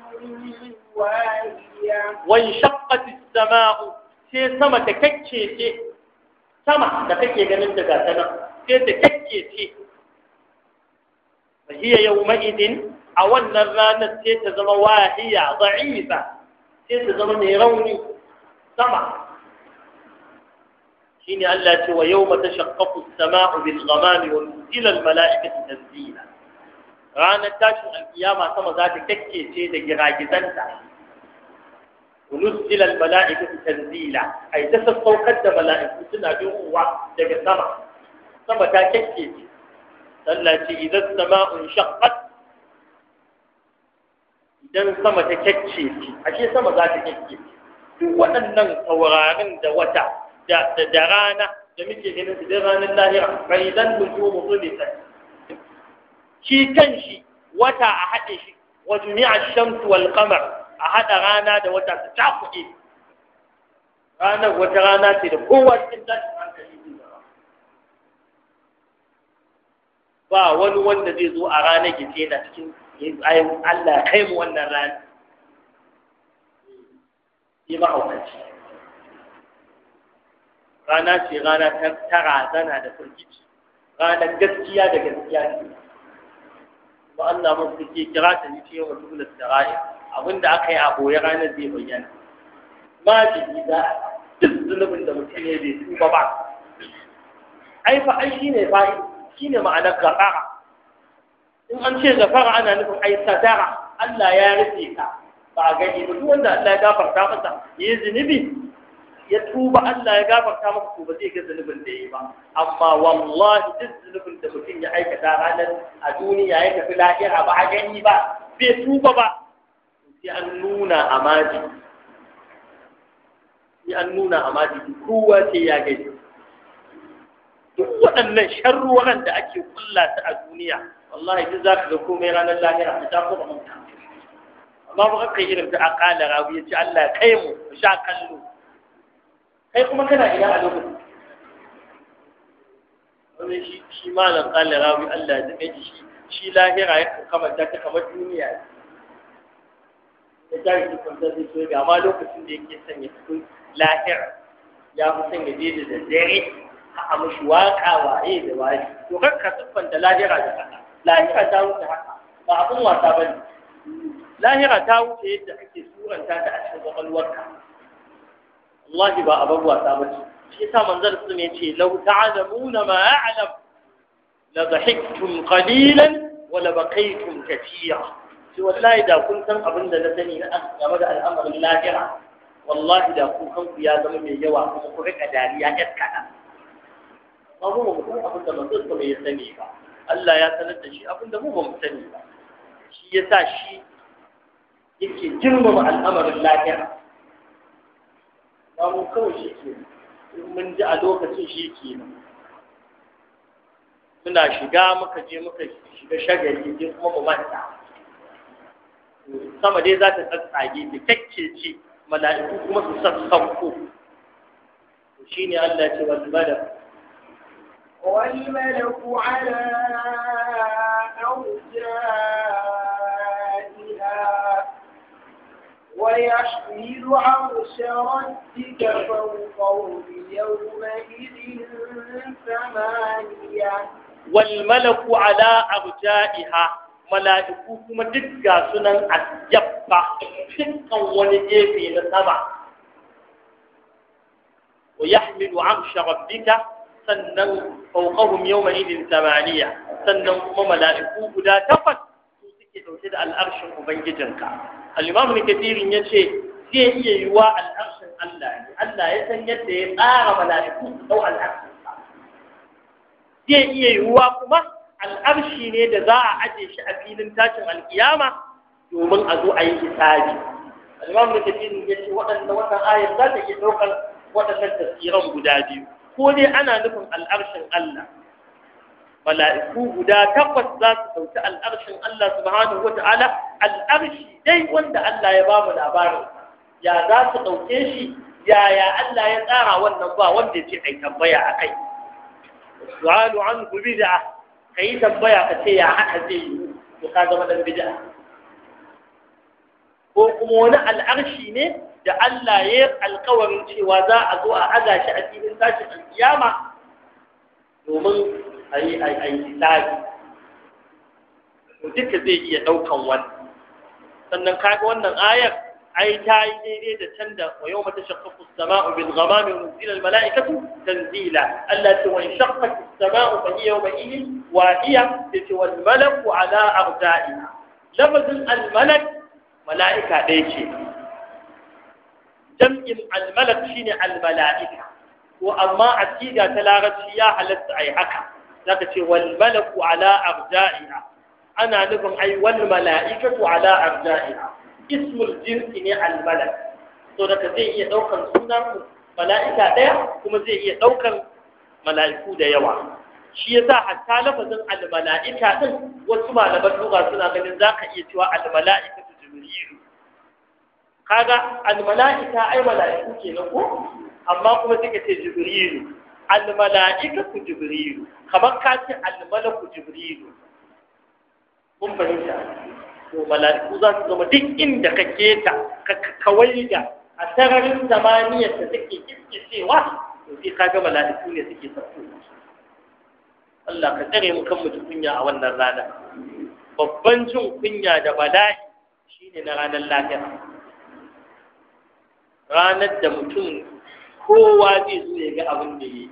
واهية وانشقت السماء سي سما تككيتي سما تككي جنن دغا سنا سي فهي يومئذ أولا الرانة سي تزم واهية ضعيفة سي تزم نيروني سما shine Allah ce wa yawma tashaqqaqu as-sama'u bil ghamami wa nuzila al mala'ikatu tanzila ranar tashin alkiyama sama za ta kakkece da giragizanta wa nuzila al mala'ikatu tanzila ai ta sassaukar da mala'iku suna bin uwa daga sama sama ta kakkece Allah ce idan sama'un shaqqat idan sama ta kakkece ashe sama za ta kakkece duk waɗannan taurarin da wata da da rana da muke ganin su da ranar lahira fa idan ne sai shi kan shi wata a haɗe shi wa jumi'a shamsu wal qamar a haɗa rana da wata su kuɗi. ranar wata rana ce da kowa cikin tashin hankali ba wani wanda zai zo a ranar gice na cikin ayin Allah kai mu wannan rana. Yi mahaukaci. rana ce rana ta zana da firgici ranar gaskiya da gaskiya ce ba Allah mun suke kira ta ni ce wa da sara'i abinda aka yi a boye ranar zai bayyana ma ji da duk zunubin da mutum ne bai tuba ba ai fa ai shine fa shine ma'anar gafara in an ce gafara ana nufin ai tsadara Allah ya rufe ka ba a gani ba duk wanda Allah ya gafarta masa yi zunubi ya tuba Allah ya gafarta maka to ba zai ga zunubin da yayi ba amma wallahi duk zunubin da mutum ya aikata ranar a duniya ya tafi lahira ba a gani ba bai tuba ba sai an nuna a maji sai an nuna a kowa sai ya gani duk waɗannan sharruwan da ake kulla ta a duniya wallahi duk za ka ga komai ranar lahira ta mun ta. amma ba kai irin ta aqala rawi ya ce Allah kai mu mu sha kallo kai kuma kana ina a lokacin wani shi shi malam Allah rawi Allah da zame shi shi lahira ya kama ta ta kamar duniya ya ta shi kwanta zai so ga amma lokacin da yake sanya cikin lahira ya fi sanya daidai da dare a mashi waka waye da waye to kar ka siffanta lahira da haka lahira ta wuce haka ba abin wasa ba ne lahira ta wuce yadda ake suranta ta a cikin kwakwalwarka wallahi ba abin wasa ba ce shi yasa manzon su ne ce law ta'lamuna ma a'lam la dhahiktum qalilan wa la baqaytum katira shi wallahi da kun san abin da na sani na game da al'amarin lahira wallahi da kun kanku ya zama mai yawa kuma ku rika dariya ya kada ba mu mu abin da manzon su ya sani ba Allah ya sanar da shi abin da mu ba mu sani ba shi yasa shi yake girmama al'amarin lahira ba mu kawai shi ke in mun ji a lokacin shi ke nan muna shiga muka je muka shiga shagari je kuma mu manta sama dai za ta tsatsage ta ce mala'iku kuma su sassauko shi ne Allah ce wal badar والملك على أرجائه ويحمل عرش ربك فوقهم يومئذ ثمانية والملك على أرجائها mala'iku kuma duk ga sunan ajabba dukkan wani gefe na sama wa yahmilu arsha rabbika sannan fawqahum yawma idin samaniya sannan kuma mala'iku guda takwas su suke dauke da al'arshin ubangijinka al-imam ibn ya ce zai iya yiwa al'arshin Allah ne Allah ya san yadda ya tsara mala'iku su dau al'arshin zai iya yiwa kuma al'arshi ne da za a aje shi a filin tashin alkiyama domin a zo a yi hisabi al-imam ibn ya ce waɗanda wannan ayar za ta iya ɗaukar waɗannan tasirin guda biyu ko dai ana nufin al'arshin Allah mala'iku guda takwas za su sauki al'arshin Allah subhanahu wa ta'ala al'arshi dai wanda Allah ya ba mu labarin ya za su ɗauke shi yaya Allah ya tsara wannan ba wanda ya ce ai tambaya a kai su'alu an ku bid'a yi tambaya ka ce ya haka zai yi ko ka zama dan bid'a ko kuma wani al'arshi ne da Allah ya yi alkawarin cewa za a zo a aza shi a cikin tashin alkiyama domin a yi a yi duka zai iya ɗaukan wani sannan kaga wannan ayar ai ta yi daidai da can da wa yawma tashaqqaqu as-sama'u bin gama wa nuzila al-mala'ikatu tanzila Allah ta wa shaqqaqu as-sama'u fa hiya yawma iya. Da ta wal malaku ala arja'iha lafazin al-malak mala'ika ɗaya ce jam'in al-malak shine al ko amma a ta larabci ya halatta ai haka zaka ce wal malaku ala arja'iha ana nufin ai wal mala'ikatu ala arja'iha ismul jinsi ne al malak to daga zai iya daukan sunan mala'ika daya kuma zai iya daukan mala'iku da yawa shi yasa hatta lafazin al mala'ika din wasu malaman duka suna ganin zaka iya cewa al mala'ikatu kaga al mala'ika ai mala'iku kenan ko amma kuma suka ce jibrilu almala'ikatu jibrilu kamar ka ce almalaku jibrilu mun fahimta to mala'iku za su zama duk inda ka keta ka kawai da a sararin zamaniyar da take kiskicewa to sai ka ga mala'iku ne suke sauko Allah ka tsare mu kan mutu kunya a wannan rana babban jin kunya da bala'i shine na ranar lahira ranar da mutum kowa zai so ya ga abin da yi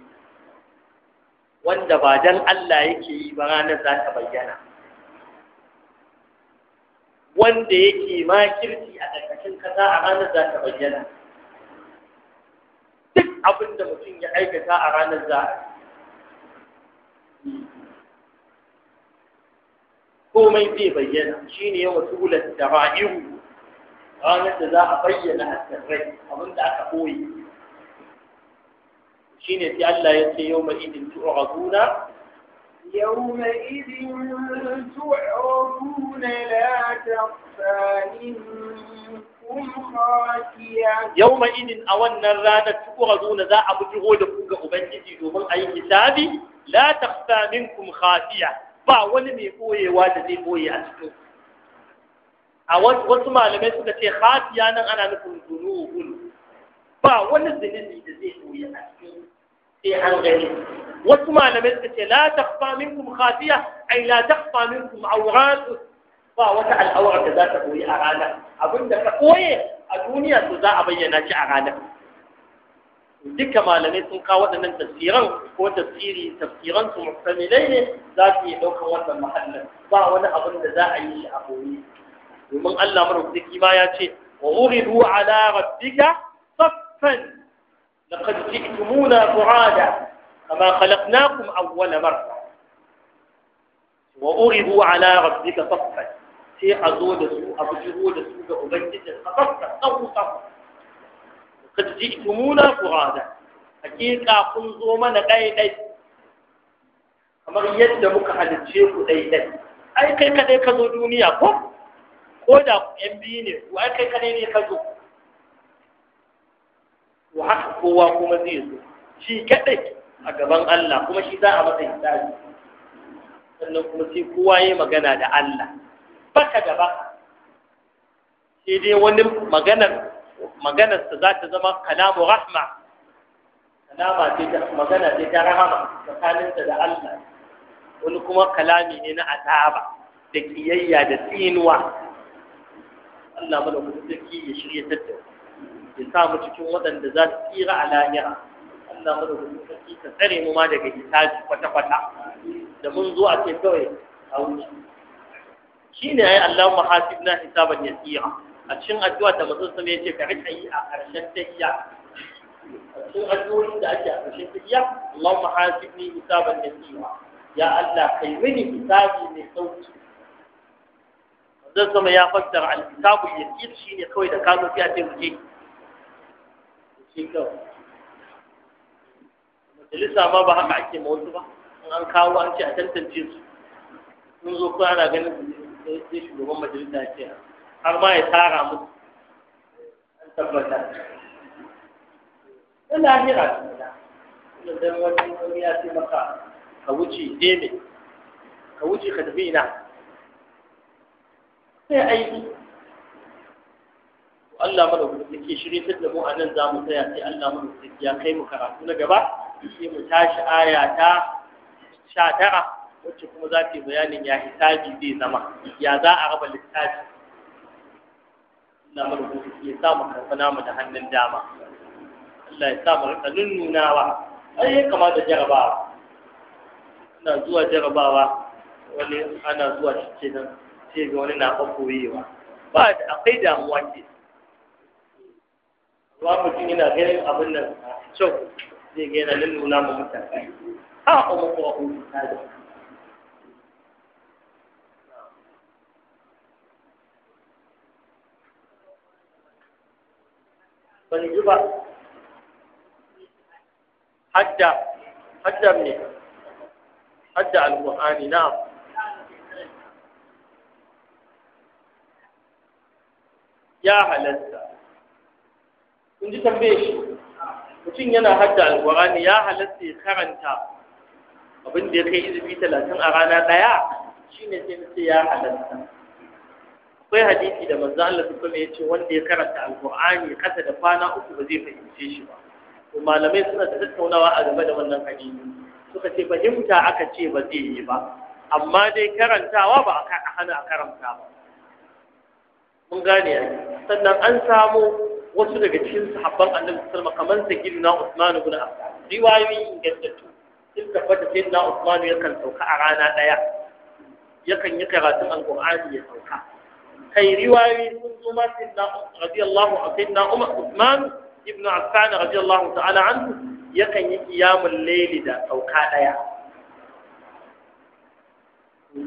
wanda ba dan Allah yake yi ba ranar za ta bayyana wanda yake makirci a ƙarƙashin kasa a ranar za ta bayyana duk abin da mutum ya aikata a ranar za a komai zai bayyana shine yawa tulata da ranar da za a bayyana a sirrai abin da aka koyi شيني في الله يتي يومئذ تعرضون يومئذ تعرضون لا تخفى منكم خافية يومئذ أولنا الرانة تعرضون ذا أبو جهود فوق أبنجي دومن أي حسابي لا تخفى منكم خافية با ولم يقوي والذي قوي أسكو a wasu wasu malamai suka ce khafiya nan ana nufin zunubun ba wani zunubi da zai zo E, an gani wasu malamai suka ce la minkum khafiya ai la takhfa minkum awrat ba wata al'awar da za ta koyi a rana abinda ka koye a duniya to za a bayyana shi a rana duka malamai sun kawo waɗannan tafsiran ko tafsiri tafsiran su muhtamilai za su yi ɗaukar wannan mahallin ba wani abin da za a yi shi a koyi domin Allah madaukaki ma ya ce wa uridu ala rabbika saffan لقد جئتمونا فعادا كما خلقناكم أول مرة وأرضوا على ربك صفا sai a zo da su a bujiro da su ga ubangijin a tsakka tsawo tsawo kad ji'tumuna kun zo mana kamar yadda muka halicce ku dai dai ai kai kadai ka zo duniya ko ko da yan biyu ne ai kai kadai ne ka zo wa haka kowa kuma zai zo shi kadai a gaban Allah kuma shi za a masa hisabi sannan kuma sai kowa yi magana da Allah baka da baka sai dai wani maganar maganar ta za ta zama kalamu rahma kalama ce ta magana ce ta rahama tsakanin da Allah wani kuma kalami ne na azaba da kiyayya da tsinuwa Allah mana kuma sarki ya shirye tattauna ya samu cikin waɗanda za su tsira a lahira Allah mu da hukunci ta tsare mu ma daga hitaji kwata-kwata da mun zo a ce kawai a wuce shi ne ya yi Allah mahasib na hisaban ya a cikin addu'a da mazan sama ya ce ka rika yi a ƙarshen tafiya a cikin addu'o'in da ake a ƙarshen tafiya Allah mahasib ni hisaban ya ya Allah kai mini hisabi mai sauki zan sama ya fassara al-hisabu yasir shine kawai da kano fiya sai mu je shi majalisa ma ba haka ake ma wasu ba in an kawo an ce a tantance su sun zo kuma ana ganin sai shugaban majalisa ya ce har ma ya tara musu an tabbata na lahira ce da dan wani wani ya ce maka ka wuce je ka wuce ka tafi ina sai aiki Allah mana ku ke shirye da mu nan za mu tsaya sai Allah mana wuce ya kai mu karatu na gaba sai mu tashi aya ta sha tara wacce kuma za ta yi bayanin ya hisabi zai zama ya za a raba littafi Allah mana wuce ya sa mu karfana mu da hannun dama Allah ya sa mu rika nunnunawa ai kama da jarabawa ina zuwa jarabawa wani ana zuwa cikin kenan sai ga wani na koyewa ba akwai damuwa ke ba mutum yana ganin abin nan kyau zai ga yana nuna ma mutane ha kuma ko abin da ban ji ba hadda hadda ne hadda alƙur'ani na ya halatta kun ji tambaye shi mutum yana hadda alkur'ani ya halatta ya karanta abin da ya kai izini talatin a rana ɗaya shine sai na ce ya halatta akwai hadisi da manzo Allah su kuma yace wanda ya karanta alkur'ani kasa da kwana uku ba zai fahimce shi ba to malamai suna da tattaunawa a game da wannan hadisi suka ce fahimta aka ce ba zai yi ba amma dai karantawa ba a hana a karanta ba mun gane sannan an samu wasu daga cikin sahabban annabi sallama kamar sayyidina Usman ibn Affan riwayoyi ingantattu sun tabbata sayyidina Usman yakan sauka a rana daya yakan yi karatun alqur'ani ya sauka kai riwayoyi sun zo ma sayyidina radiyallahu anhu sayyidina Usman ibn Affan radiyallahu ta'ala anhu yakan yi qiyamul layli da sauka daya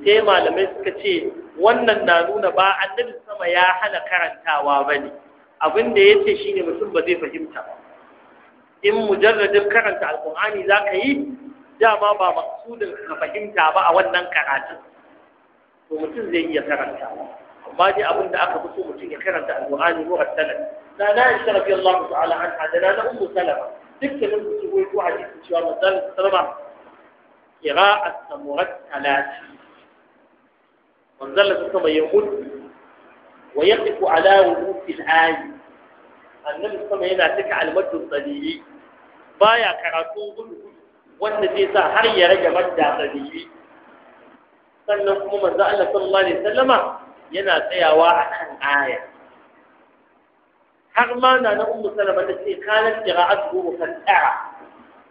sai malamai suka ce wannan na nuna ba annabi sama ya hana karantawa bane abin da ya ce shi ne mutum ba zai fahimta ba in mujarradin karanta alkur'ani za ka yi dama ba maksudin ka fahimta ba a wannan karatun to mutum zai iya karanta amma dai abin da aka fi so mutum ya karanta alkur'ani ko asalan na na yi sharafi Allah ta'ala an hadana na ummu salama dukkanin su su goyi ko hadisi cewa salama kira a samurat talati manzon sallama ya mutu wa yaqifu ala wuqufil ayi annabi sama yana cika almadu tsadiri baya karatu gudu wanda zai sa har ya rage madda tsadiri sannan kuma manzo Allah sallallahu alaihi wasallama yana tsayawa akan aya har ma na na ummu salama ta ce kanat qira'atu mufassara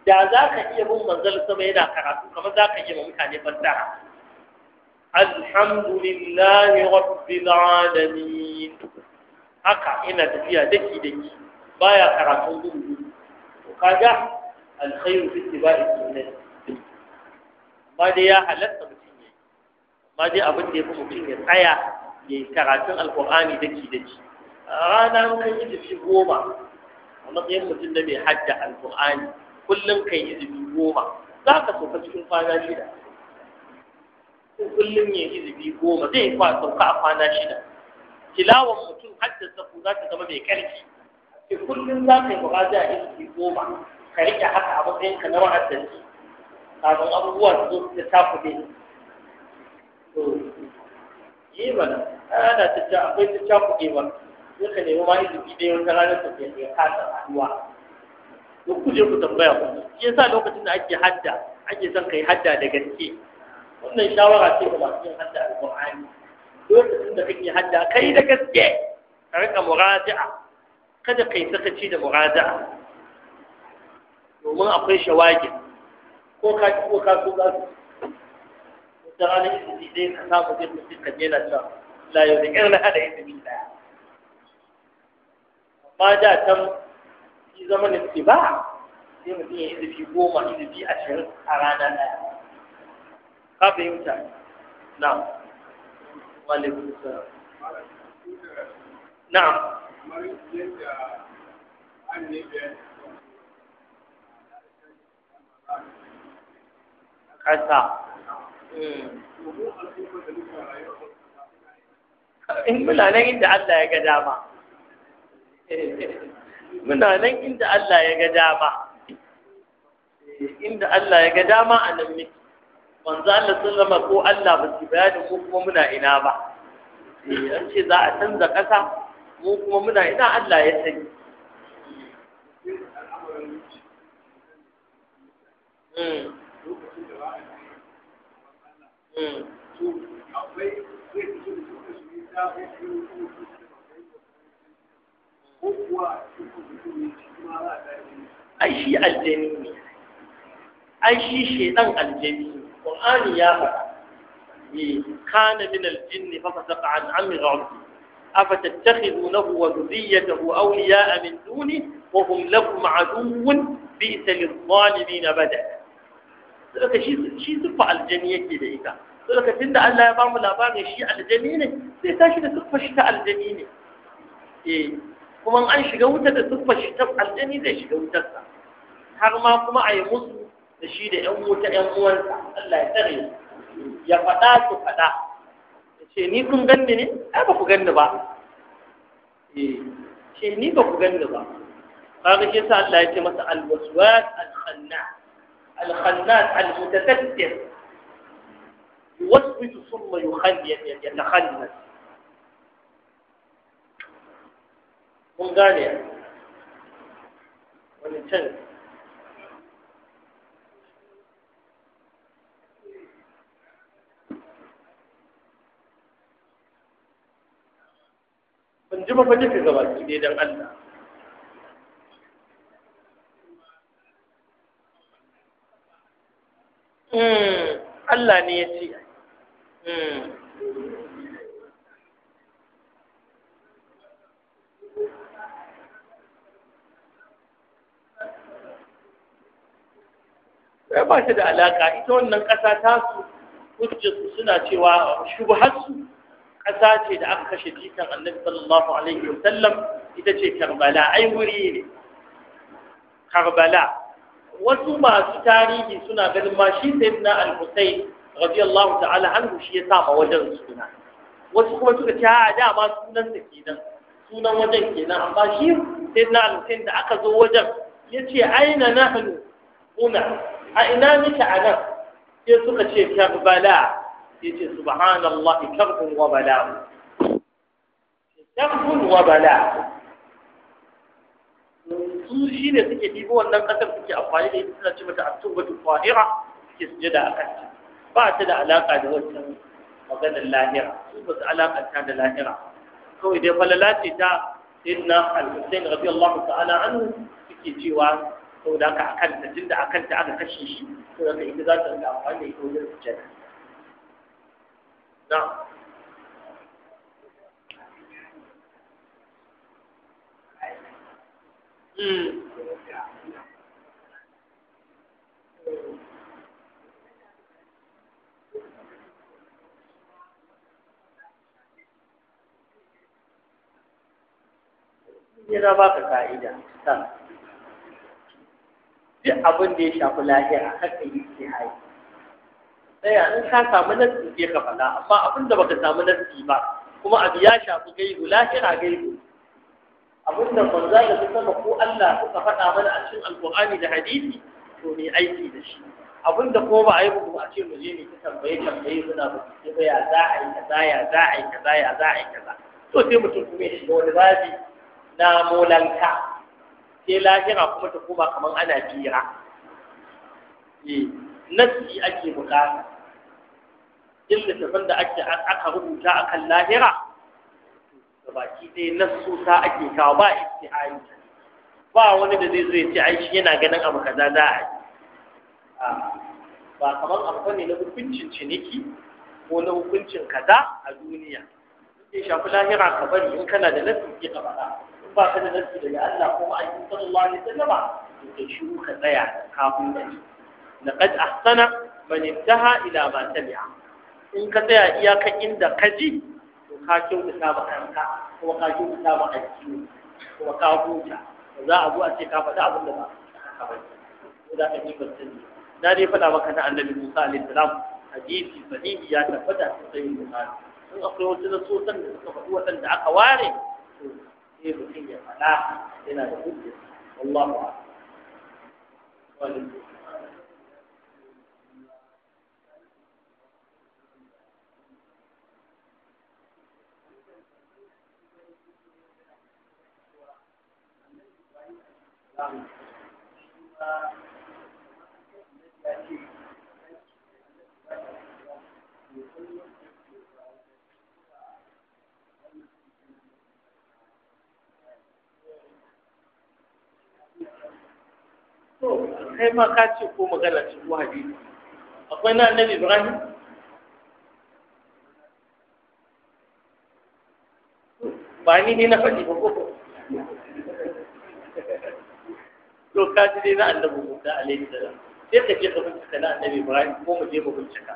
da za ka iya bin manzal sama yana karatu kamar za ka iya ma mutane fassara الحمد لله رب العالمين haka ina tafiya daki daki baya karatun gudu to kaga alkhairu fi ittiba'i sunnah amma dai ya halatta mutum amma dai abin da yafi mutum ya tsaya yayi karatun alqur'ani daki daki rana mun kai izifi goma a matsayin mutum da mai hadda alqur'ani kullum kai izifi goma za ka cikin kwana shida kullum ya yi zubi goma zai kwa sauka a kwana shida tilawan mutum haddasa sabu za ta zama mai karfi ki kullum za ka yi za a zubi goma ka rike haka a matsayin ka na ma'addasi kafin abubuwa su zo da ta kuɗe yi mana ana ta ja akwai ta ja kuɗe ba sai ka nemi ma izibi ɗaya wata ranar ta da ya kasa haɗuwa duk ku je ku tambaya ku shi yasa lokacin da ake hadda ake son ka yi hadda da gaske wannan shawara ce ga masu yin hadda qurani lokacin da kake hadda kai da gaske ka rika muraja'a kada kai sakaci da muraja'a domin akwai shawagin ko ka ko ka so za su da ranar izini dai ka samu zai mutum ka jela can la yau da irin hada izini daya amma da can shi zama nufi ba sai mutum ya zafi goma zafi ashirin a rana ɗaya ka na walekun na in muna nan inda Allah ya ga dama muna nan inda Allah ya ga dama inda Allah ya ga dama a nan miki manzo Allah sun zama ko Allah ba su bayani ko kuma muna ina ba eh, an ce za a canza ƙasa mu kuma muna ina Allah ya sani hmm. Hmm. ai shi aljani ne ai shi shedan aljani ne qur'ani ya faɗa eh kana min al-jinn fa fasaqa an amri rabbi afatattakhidunahu wa dhurriyyatahu awliya'a min duni wa hum lakum aduwwun bi'sa lidh-dhalimin bada, saboda shi shi zufa aljanni yake da ita saboda tunda Allah ya ba mu labarin shi aljanni ne sai tashi da sufa shi ta aljanni ne eh kuma an shiga wuta da sufa shi ta aljanni zai shiga wutarsa har ma kuma a yi musu da shi da ‘yan wuta ‘yan uwansa Allah ya tsare ya faɗa su faɗa ya ce ni kun ganni ne ai ba ku ganni ba eh, ce ni ba ku ganni ba kaga shi yasa Allah ya ce masa alwaswas alkhanna alkhannas almutatattir yuwaswisu thumma yukhanni yatakhannas mun gane wani can sun ji mafa duka gabaki ne don Allah hmm, Allah ne ya ce hmm. eh, ba shi da alaƙa ita wannan ƙasa tasu hujjarsu suna cewa shubuharsu ƙasa ce da aka kashe jikan annabi sallallahu alaihi wa sallam ita ce karbala ai wuri ne karbala wasu masu tarihi suna ganin ma shi sayyidina al-husayn radiyallahu ta'ala anhu shi ya saba wajen suna wasu kuma suka ce a dama sunan sa kenan sunan wajen kenan amma shi sayyidina al-husayn da aka zo wajen Ya yace aina nahnu Kuna. a ina muke a nan sai suka ce karbala yace subhanallahi karfun wa bala'u karfun wa bala'u su shi ne suke ɗibo wannan ƙasar suke amfani da ita suna ce mata atubatu qahira suke sujada a kanta ba ta da alaƙa da wancan maganar lahira su ba su alaƙanta da lahira kawai dai falala ce ta sayyidina al-Husayn radiyallahu ta'ala anhu suke cewa saboda haka akan ta tunda akan ta aka kashe shi saboda ita za ta amfani da ita wajen sujada نعم امم yana baka ka'ida duk abin da ya shafi lahira haka yi ke haini tsaya in ka samu nasi ke ka fada amma abin da baka samu nasi ba kuma abu ya shafi gaibu lahira gaibu abin da manzo da su sama ko Allah suka faɗa mana a cikin alqur'ani da hadisi to ne aiki da shi abin da ko ba a yi ba a ce mu je ne ta tambaye tambaye suna ba ce ba ya za a yi kaza ya za a yi kaza ya za a yi kaza to sai mutum kuma ya shiga wani babi na molanka sai lahira kuma ta koma kamar ana jira. Eh, nasi ake bukata duk littafin da ake aka rubuta a kan lahira da baki ɗaya nassusa ake kawo ba istihari ba wani da zai zo ya ce ai shi yana ganin abu kaza za a yi ba kamar abu ne na hukuncin ciniki ko na hukuncin kaza a duniya zai shafi lahira ka bari in kana da nasu ke ka faɗa in ba ka da nasu daga Allah ko ma'aikin sallallahu alaihi wasallam to kai shiru ka tsaya kafin da ni laqad ahsana man intaha ila ma tabi'a in ka tsaya iyaka inda ka ji to ka kyautata ba kanka kuma ka kyautata ba addini kuma ka huta za a zo a ce ka faɗi abin da ba ka ba da ka yi batun na dai faɗa maka na annabi Musa alaihi salam hadisi sahihi ya tabbata cikin Bukhari in akwai wasu nasosan da suka faɗi waɗanda aka ware to sai mutum ya faɗa yana da hujja wallahu a'lam to kai ma ka ce ko magana ce ko hadisi akwai na annabi ibrahim ba ni ne na faɗi ba ko to ka ji dai na annabi Musa alayhi salam sai ka je ka bincika na annabi Ibrahim ko mu je mu bincika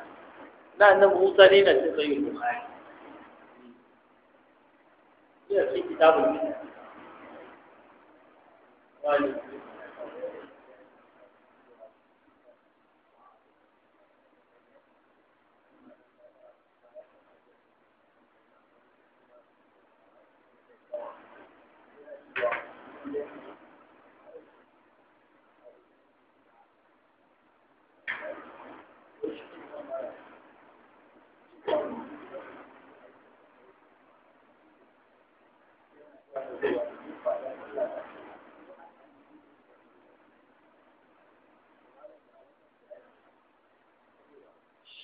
na annabi Musa ne na cikin sayyidul Bukhari ya cikin kitabul Wani.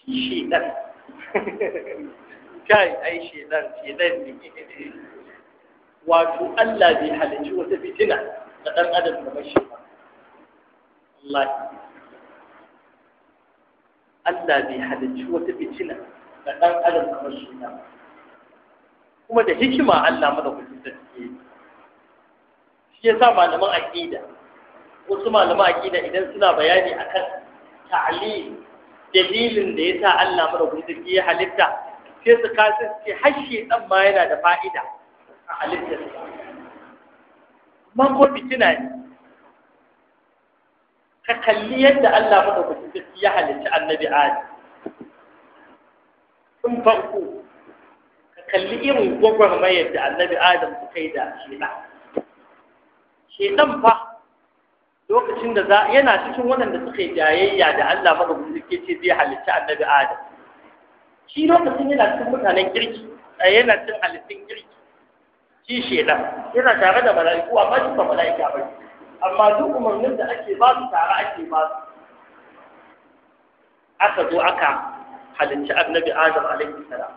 shi shedan kai ai shedan shedan ne wato Allah bai halicci wata fitina da ɗan adam da bashi ba Allah Allah bai wata fitina da ɗan adam ba kuma da hikima Allah mana kuɗi da take shi yasa malaman aqida wasu malaman aqida idan suna bayani akan ta'lim dalilin da ya sa Allah madaukakin sarki ya halitta sai su kasance hashe ɗan ma yana da fa'ida a halittar man ko fitina ne ka kalli yadda Allah madaukakin sarki ya halitta annabi Adam Sun farko ka kalli irin gwagwarmayar da annabi Adam suka yi da shi ɗan fa lokacin da za yana cikin waɗanda suka yi jayayya da Allah madaukakin ke ce zai halitta annabi Adam shi lokacin yana cikin mutanen kirki eh, yana cikin halittun kirki shi shedan yana tare da mala'iku amma shi ba mala'ika ba amma duk umarnin da ake ba su tare ake ba su aka zo aka halitta annabi Adam alaihi salam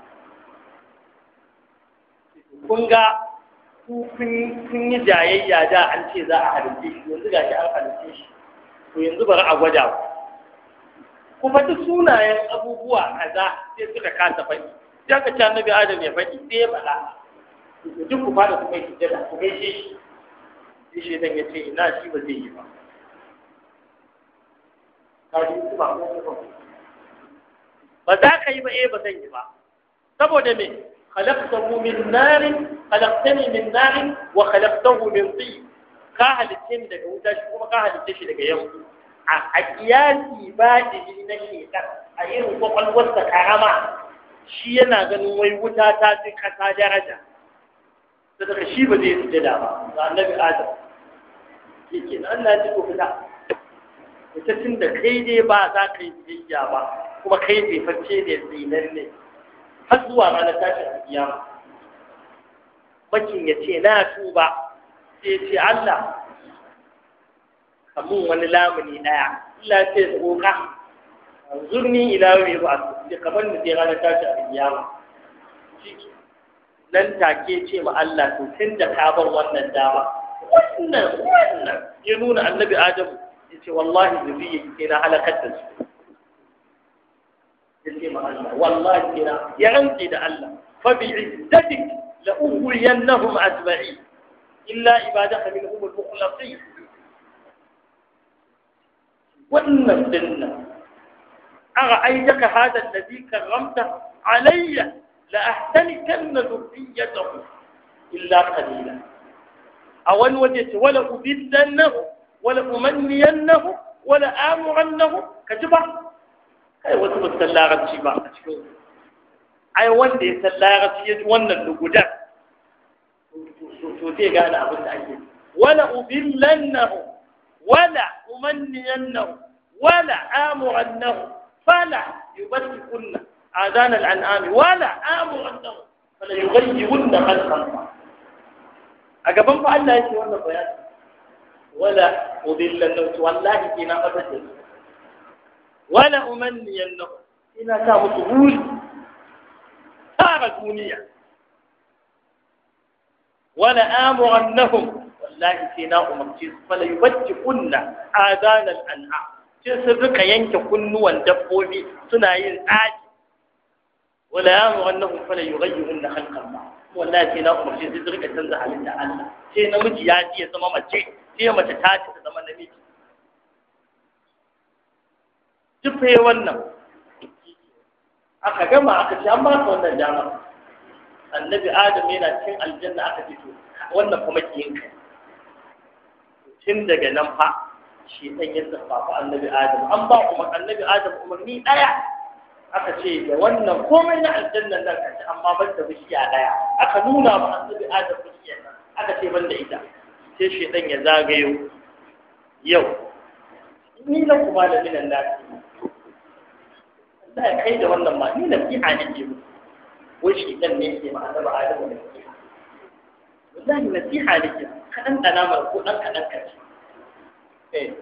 kun ga kun yi jayayya da an ce za a halitta shi yanzu ga shi an halitta shi to yanzu bari a gwada ku kuma duk sunayen abubuwa a za sai suka kasa faɗi sai aka ci annabi adam ya faɗi sai ya faɗa duk ku fara kuma yi jada ku gaishe shi sai shi dan ya ce ina shi ba zai yi ba kaji kuma ko ba za ka yi ba eh ba zan yi ba saboda me khalaqtahu min narin خلقتني min نار wa من min tin ka ده daga wuta shi kuma ده halitte shi daga yau a kiyasi ba da na شي a غن وي karama shi yana ganin wai wuta ta بده يتجدا daraja da daga shi ba zai sujada ba ga annabi adam yake na Allah ya ko با da kai ne ba za biyayya ba kuma kai bai fice ne zinar har zuwa ranar tashin kiyama bakin ya ce na tuba sai ce Allah kamun wani lamuni daya Allah sai ya tsoka zurni ila yau yau a sai kamar da sai ranar tashi a kiyama nan take ce ma Allah to tun da ka bar wannan dama wannan wannan ya nuna annabi Adamu ya ce wallahi zuriya ke na halakar da su ya ce ma Allah wallahi ke na ya rantse da Allah fa bi iddatik لأغوينهم أجمعين إلا عبادك منهم المخلصين وإن سنة أرأيتك هذا الذي كرمته علي لأحتنكن ذريته إلا قليلا أو أن وجدت ولا أذلنه ولا أمنينه ولا آمرنه كجبر كي وتبت اللارة جبا ai wanda ya san larabci ya ji wannan lugudan to zai gane abin da ake wala ubillannahu wala umanniyannahu wala amurannahu fala yubtikunna azan al'an'ami wala amurannahu fala yughayyirunna khalqan a gaban fa Allah yake wannan bayani wala ubillannahu wallahi ina fata wala umanniyannahu ina ta musu buri tara duniya wala amurannahum wallahi sai na umarci su fala yubacci kunna adanal an'a sai sun rika yanke kunnuwan dabbobi suna yin tsaji wala amurannahum fala yughayyirunna khalqa Allah wallahi sai na umarci su rika canza halitta Allah sai namiji ya ji ya zama mace sai mace ta ci ta zama namiji duk fa wannan aka gama aka ce an ba ka wannan dama annabi adam yana cin aljanna aka ce to wannan kuma kiyin ka tun daga nan fa shi dan ba ku annabi adam an ba kuma annabi adam umarni daya aka ce da wannan komai na aljanna nan ka ce amma ban da bishiya daya aka nuna ma annabi adam bishiya aka ce ban da ita sai shi dan ya zagayo yau ni na kuma da minan lafiya za a kai da wannan ma ni nasiha ne ke musu wai shi ɗan ne ke ma annabi adamu nasiha wallahi nasiha ne ke kaɗan ɗana mara ko ɗan kaɗan kaɗan eh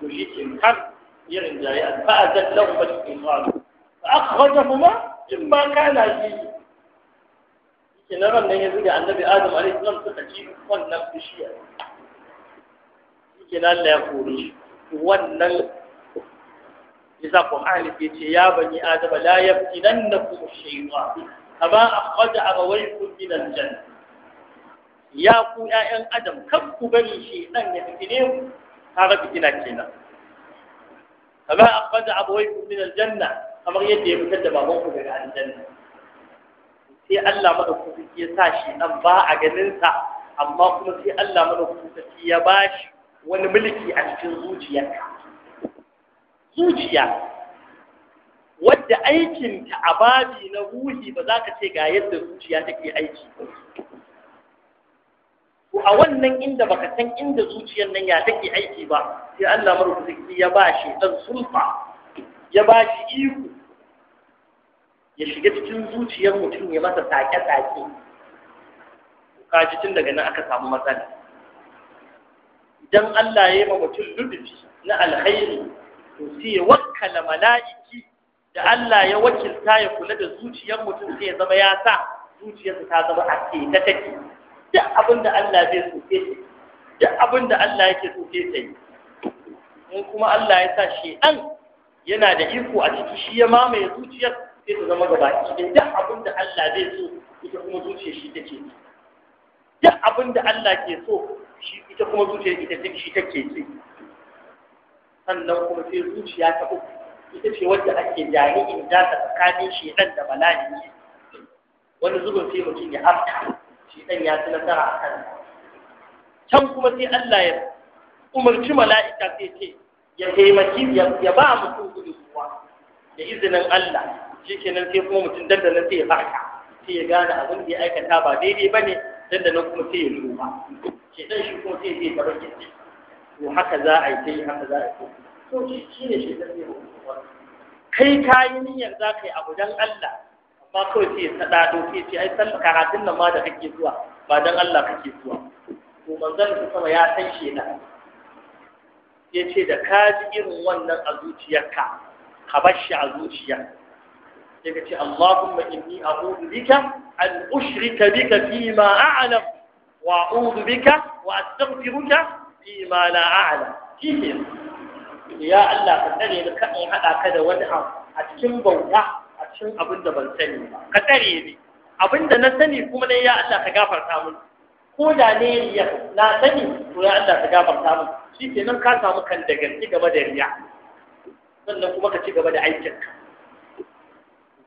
to shi ke har irin jari jaye fa'azat lahu bal insanu fa akhrajahuma mimma kana fi kina ran nan yanzu da annabi adam alaihi salam suka ci wannan bishiya kina Allah ya kore shi wannan إذا قرآن بيت يا بني آدم لا يفتننكم الشيطان كما أخرج أبويكم من الجنة يا قول يا آدم كم بني شيطان يفتنهم هذا فتنة كنا كما أخرج أبويكم من الجنة كما يدي يفتد بابوكم من الجنة sai Allah madaukaki ya sa shi nan ba a ganin sa amma kuma sai Allah madaukaki ya bashi wani mulki a cikin zuciyarka zuciya wadda aikinta a babi na ruhi ba za ka ce ga yadda zuciya take aiki ko a wannan inda baka san inda zuciyar nan ya take aiki ba sai Allah marubuci ya ba shi dan sulfa ya ba shi iko ya shiga cikin zuciyar mutum ya masa sake-sake kaji tun daga nan aka samu matsala idan Allah ya yi ma mutum ludufi na alkhairi to sai ya wakkala mala'iki da Allah ya wakilta ya kula da zuciyar mutum sai ya zama ya sa zuciyarsa ta zama a ce ta take duk abin da Allah zai so sai duk abin da Allah yake so sai sai in kuma Allah ya sa shedan yana da iko a ciki shi ya mamaye zuciyar sai ta zama gaba ki duk abin da Allah zai so ita kuma zuciyar shi take duk abin da Allah ke so shi ita kuma zuciyar ita take shi take ce sannan kuma sai zuciya ta uku ita ce wadda ake jari in da ta tsakanin shedan da bala'i ne wani zubin sai mutum ya afta dan ya ci nasara a kan can kuma sai Allah ya umarci mala'ika sai ce ya taimaki ya ba mutum kuwa da izinin Allah shi nan sai kuma mutum da nan sai ya farka sai ya gane abin da ya aikata ba daidai ba ne nan kuma sai ya lura shedan shi kuma sai ya yi ta to haka za a yi ta yi haka za a yi ta yi to shi ne shi zai yi kai ka yi niyyar za ka yi abu don Allah amma kawai sai ya saɗa ɗauke ce ai san karatun nan ma da kake zuwa ba don Allah kake zuwa to manzon su sama ya san shi na ya ce da ka ji irin wannan a zuciyarka ka bar shi a zuciya sai ka ce Allahumma inni a'udhu bika an ushrika bika fi ma a'lam wa a'udhu bika wa astaghfiruka fi ma la a'lam kike ya Allah ka tsare ni kan hada ka da wani abu a cikin bauta a cikin abin da ban sani ba ka tsare ni abin da na sani kuma ne ya Allah ka gafarta mun ko da ne riya na sani to ya Allah ka gafarta mun nan ka samu kan da ganci game da riya sannan kuma ka ci gaba da aikinka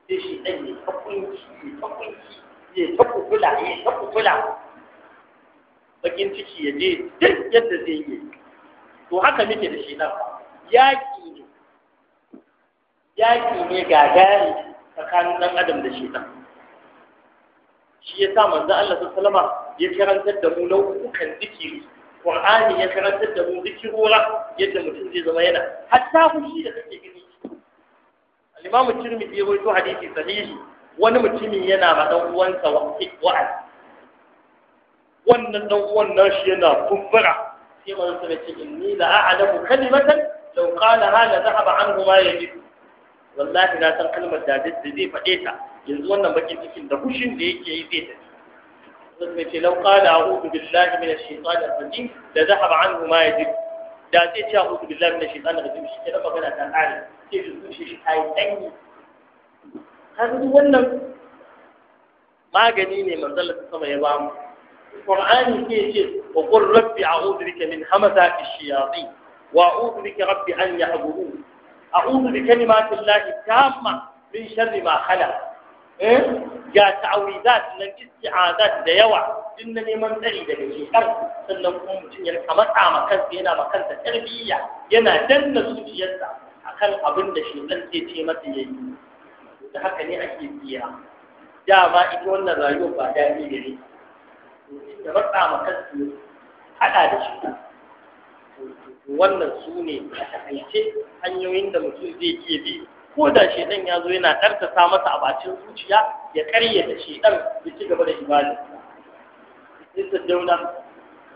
sai shi ɗan ne ta kunci ta kunci ne ta kukula ta kukula bakin ciki ya je duk yadda zai yi to haka muke da shi nan yaƙi ne yaƙi ne gagari tsakanin ɗan adam da shi nan shi ya sa manzo Allah sallama ya karantar da mu nau'ukan zikiri Qur'ani ya karantar da mu zikirora yadda mutum zai zama yana hatta fushi da kake gani al-Imam Tirmidhi ya rawaito hadisi sahihi wani mutumin yana ma dan uwansa wa'azi wannan dan uwan nashi yana kumbura sai manzo sai ce inni la a'lamu kalimatan law qalaha la dhahaba anhu ma yajid wallahi na san kalmar da da zai faɗe ta yanzu wannan bakin cikin da hushin da yake yi zai tafi sai ce law qala a'udhu billahi minash shaitanir rajim la dhahaba anhu ma yajid da zai ce a'udhu billahi minash shaitanir rajim shi ke da magana ta ƙare sai zuciyar shi ta yi danyi har wannan magani ne manzon Allah sama ya ba mu Qur'ani ke ce wa qur rabbi a'udhu bika min hamazati shayatin wa a'udhu bika rabbi an yahdurun a'udhu bi kalimati llahi tamma min sharri ma khala eh ga ta'awidat nan isti'adat da yawa din na neman tsari daga shekar sannan kuma mutum ya rika matsa ma yana ma kansa tarbiyya yana danna zuciyarsa akan abin da shekar zai ce masa yayi da haka ne ake Da dama ita wannan rayuwar ba daɗi gare ta da matsa ma kansu haɗa da shi wannan su ne a takaice hanyoyin da mutum zai iya bi ko da shi shedan ya zo yana ɗarkasa masa a bacin zuciya ya karyata shedan ya ci gaba da ibada sai da dauna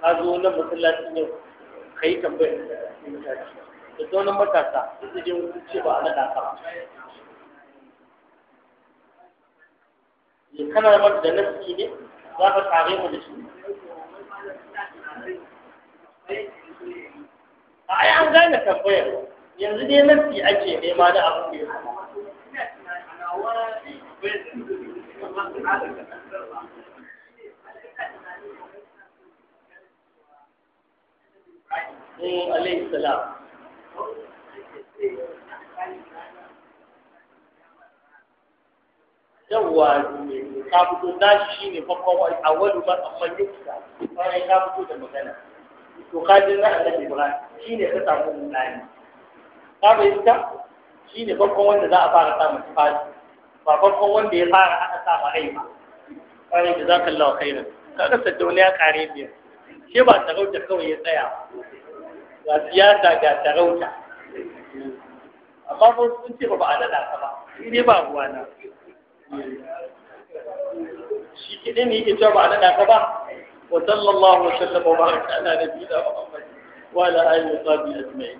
ka zo nan masallacin yau ka yi tambayar da zaunan matasa sai ta je wurin ce ba a naɗa ka ya kana da nasi ne za ka kare mu da shi a yi an gane tambayar yanzu dai nasi ake nema da abu ne Eh, alayhi salam. yawwa ka fito nashi shine farkon a man amman yukta bayan ka fito da magana to ka ji na annabi Ibrahim shine ka samu mutane ka bayyana shine farkon wanda za a fara samun fasi ba farkon wanda ya fara aka sa rai ba kwarai da zaka Allah khairan kaga saddauna ya kare biyar shi ba sarauta kawai ya tsaya ga siyasa ga sarauta amma ba sun ce ba a nada ka ba shi ne ba ruwa na shi kiɗin ne yake ba a naɗa ka ba wa sallallahu wa sallama wa baraka ala nabiyina Muhammad wa ala alihi wa sahbihi ajma'in